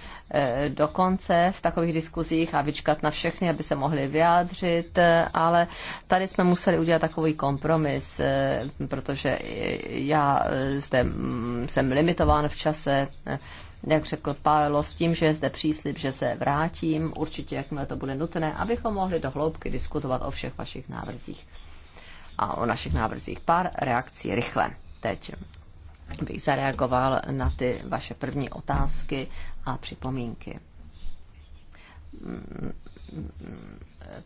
do konce v takových diskuzích a vyčkat na všechny, aby se mohli vyjádřit, eh, ale tady jsme museli udělat takový kompromis, eh, protože já zde mm, jsem limitován v čase, jak řekl Pálo, s tím, že je zde příslip, že se vrátím, určitě jakmile to bude nutné, abychom mohli do hloubky diskutovat o všech vašich návrzích a o našich návrzích. Pár reakcí rychle teď bych zareagoval na ty vaše první otázky a připomínky.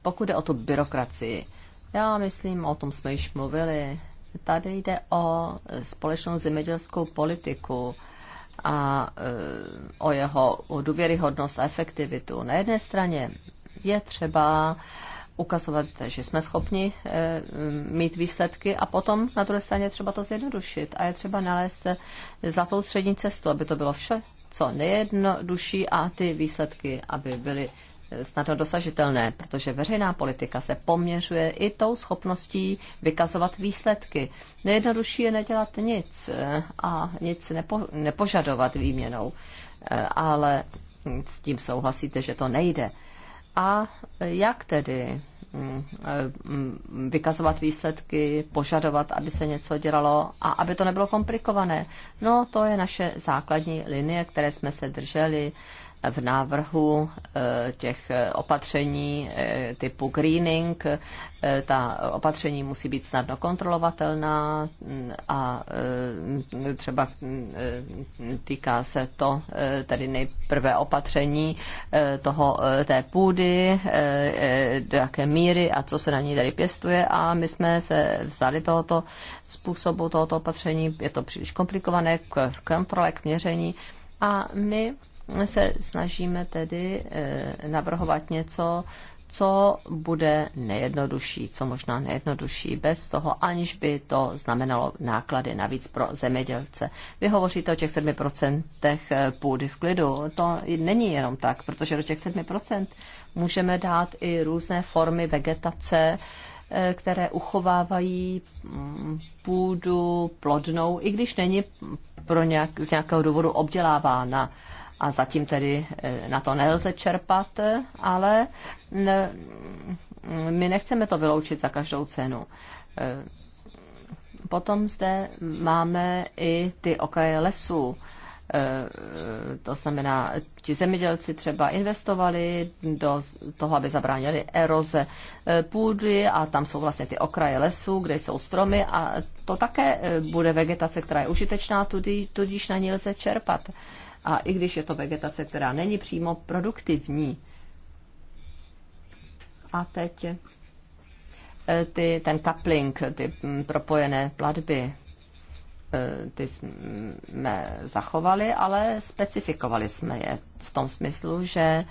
Pokud jde o tu byrokracii, já myslím, o tom jsme již mluvili. Tady jde o společnou zemědělskou politiku a e, o jeho důvěryhodnost a efektivitu. Na jedné straně je třeba ukazovat, že jsme schopni eh, mít výsledky a potom na druhé straně třeba to zjednodušit a je třeba nalézt tou střední cestu, aby to bylo vše co nejjednodušší a ty výsledky, aby byly eh, snadno dosažitelné, protože veřejná politika se poměřuje i tou schopností vykazovat výsledky. Nejjednodušší je nedělat nic eh, a nic nepo, nepožadovat výměnou, ale s tím souhlasíte, že to nejde. A jak tedy mm, mm, vykazovat výsledky, požadovat, aby se něco dělalo a aby to nebylo komplikované. No, to je naše základní linie, které jsme se drželi v návrhu eh, těch eh, opatření eh, typu greening. Ta opatření musí být snadno kontrolovatelná mm, a třeba mm, týká se to tedy nejprve opatření toho, té půdy, do jaké míry a co se na ní tady pěstuje a my jsme se vzali tohoto způsobu, tohoto opatření. Je to příliš komplikované k kontrole, k měření a my se snažíme tedy eh, navrhovat něco, co bude nejjednodušší, co možná nejjednodušší, bez toho, aniž by to znamenalo náklady navíc pro zemědělce. Vy hovoříte o těch 7% eh, půdy v klidu. To není jenom tak, protože do těch 7% můžeme dát i různé formy vegetace, eh, které uchovávají mm, půdu plodnou, i když není pro nějak, z nějakého důvodu obdělávána a zatím tedy eh, na to nelze čerpat, ale mm, mm, my nechceme to vyloučit za každou cenu. Eh, potom zde máme i ty okraje lesů. Eh, to znamená, ti zemědělci třeba investovali do toho, aby zabránili eroze půdy a tam jsou vlastně ty okraje lesů, kde jsou stromy a to také bude vegetace, která je užitečná, tudíž na ní lze čerpat a i když je to vegetace, která není přímo produktivní. A teď eh, ty, ten coupling, ty mm, propojené platby, eh, ty jsme zachovali, ale specifikovali jsme je v tom smyslu, že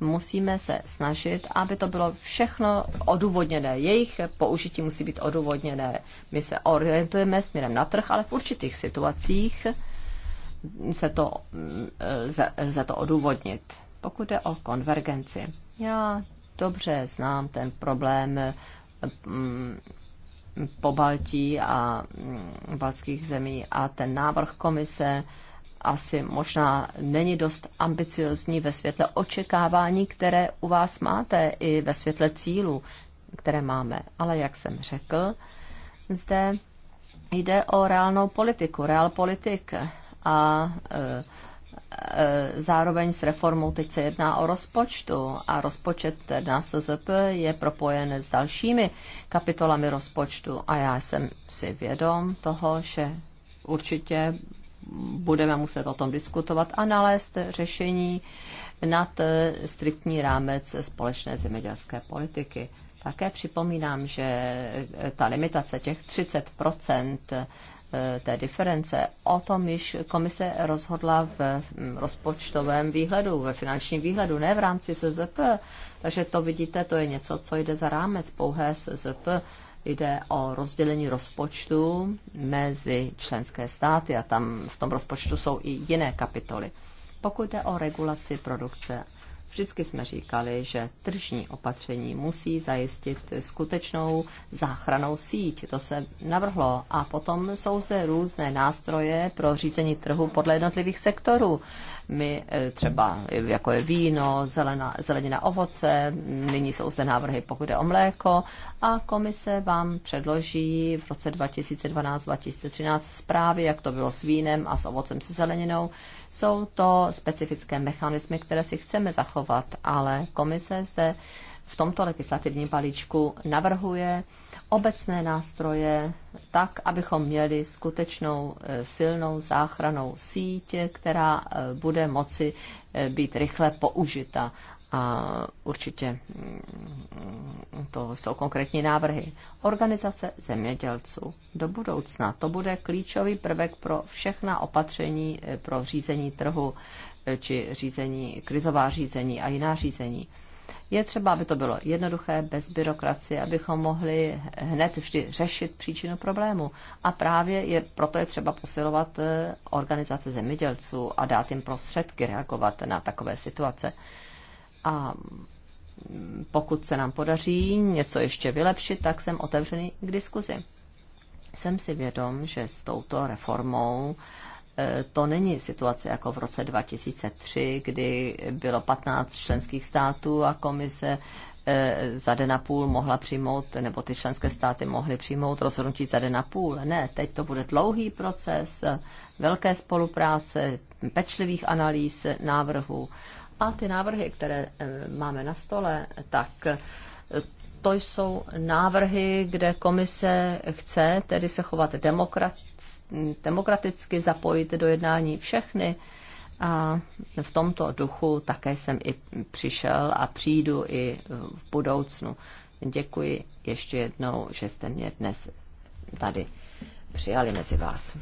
musíme se snažit, aby to bylo všechno odůvodněné. Jejich použití musí být odůvodněné. My se orientujeme směrem na trh, ale v určitých situacích se to, lze, eh, lze to odůvodnit. Pokud jde o konvergenci, já dobře znám ten problém mm, po Baltí a mm, baltských zemí a ten návrh komise asi možná není dost ambiciozní ve světle očekávání, které u vás máte i ve světle cílů, které máme. Ale jak jsem řekl, zde jde o reálnou politiku, real politik a e, e, zároveň s reformou teď se jedná o rozpočtu a rozpočet na SZP je propojen s dalšími kapitolami rozpočtu a já jsem si vědom toho, že určitě budeme muset o tom diskutovat a nalézt řešení nad striktní rámec společné zemědělské politiky. Také připomínám, že ta limitace těch 30 Eh, té diference. O tom již komise rozhodla v mm, rozpočtovém výhledu, ve finančním výhledu, ne v rámci SZP. Takže to vidíte, to je něco, co jde za rámec pouhé SZP. Jde o rozdělení rozpočtu mezi členské státy a tam v tom rozpočtu jsou i jiné kapitoly. Pokud jde o regulaci produkce Vždycky jsme říkali, že tržní opatření musí zajistit skutečnou záchranou síť. To se navrhlo. A potom jsou zde různé nástroje pro řízení trhu podle jednotlivých sektorů. My e, třeba, jako je víno, zelena, zelenina, ovoce, nyní jsou zde návrhy, pokud je o mléko. A komise vám předloží v roce 2012-2013 zprávy, jak to bylo s vínem a s ovocem se zeleninou. Jsou to specifické mechanismy, které si chceme zachovat, ale komise zde v tomto legislativním balíčku navrhuje obecné nástroje tak, abychom měli skutečnou e, silnou záchranou síť, která e, bude moci e, být rychle použita a určitě mm, to jsou konkrétní návrhy. Organizace zemědělců do budoucna. To bude klíčový prvek pro všechna opatření eh, pro řízení trhu eh, či řízení, krizová řízení a jiná řízení. Je třeba, aby to bylo jednoduché, bez byrokracie, abychom mohli hned vždy řešit příčinu problému. A právě je, proto je třeba posilovat eh, organizace zemědělců a dát jim prostředky reagovat na takové situace a pokud se nám podaří něco ještě vylepšit, tak jsem otevřený k diskuzi. Jsem si vědom, že s touto reformou e, to není situace jako v roce 2003, kdy bylo 15 členských států a komise e, za den a půl mohla přijmout, nebo ty členské státy mohly přijmout rozhodnutí za den a půl. Ne, teď to bude dlouhý proces, velké spolupráce, pečlivých analýz návrhu a ty návrhy, které eh, máme na stole, tak eh, to jsou návrhy, kde komise chce tedy se chovat demokrat, demokraticky, zapojit do jednání všechny. A v tomto duchu také jsem i přišel a přijdu i v budoucnu. Děkuji ještě jednou, že jste mě dnes tady přijali mezi vás.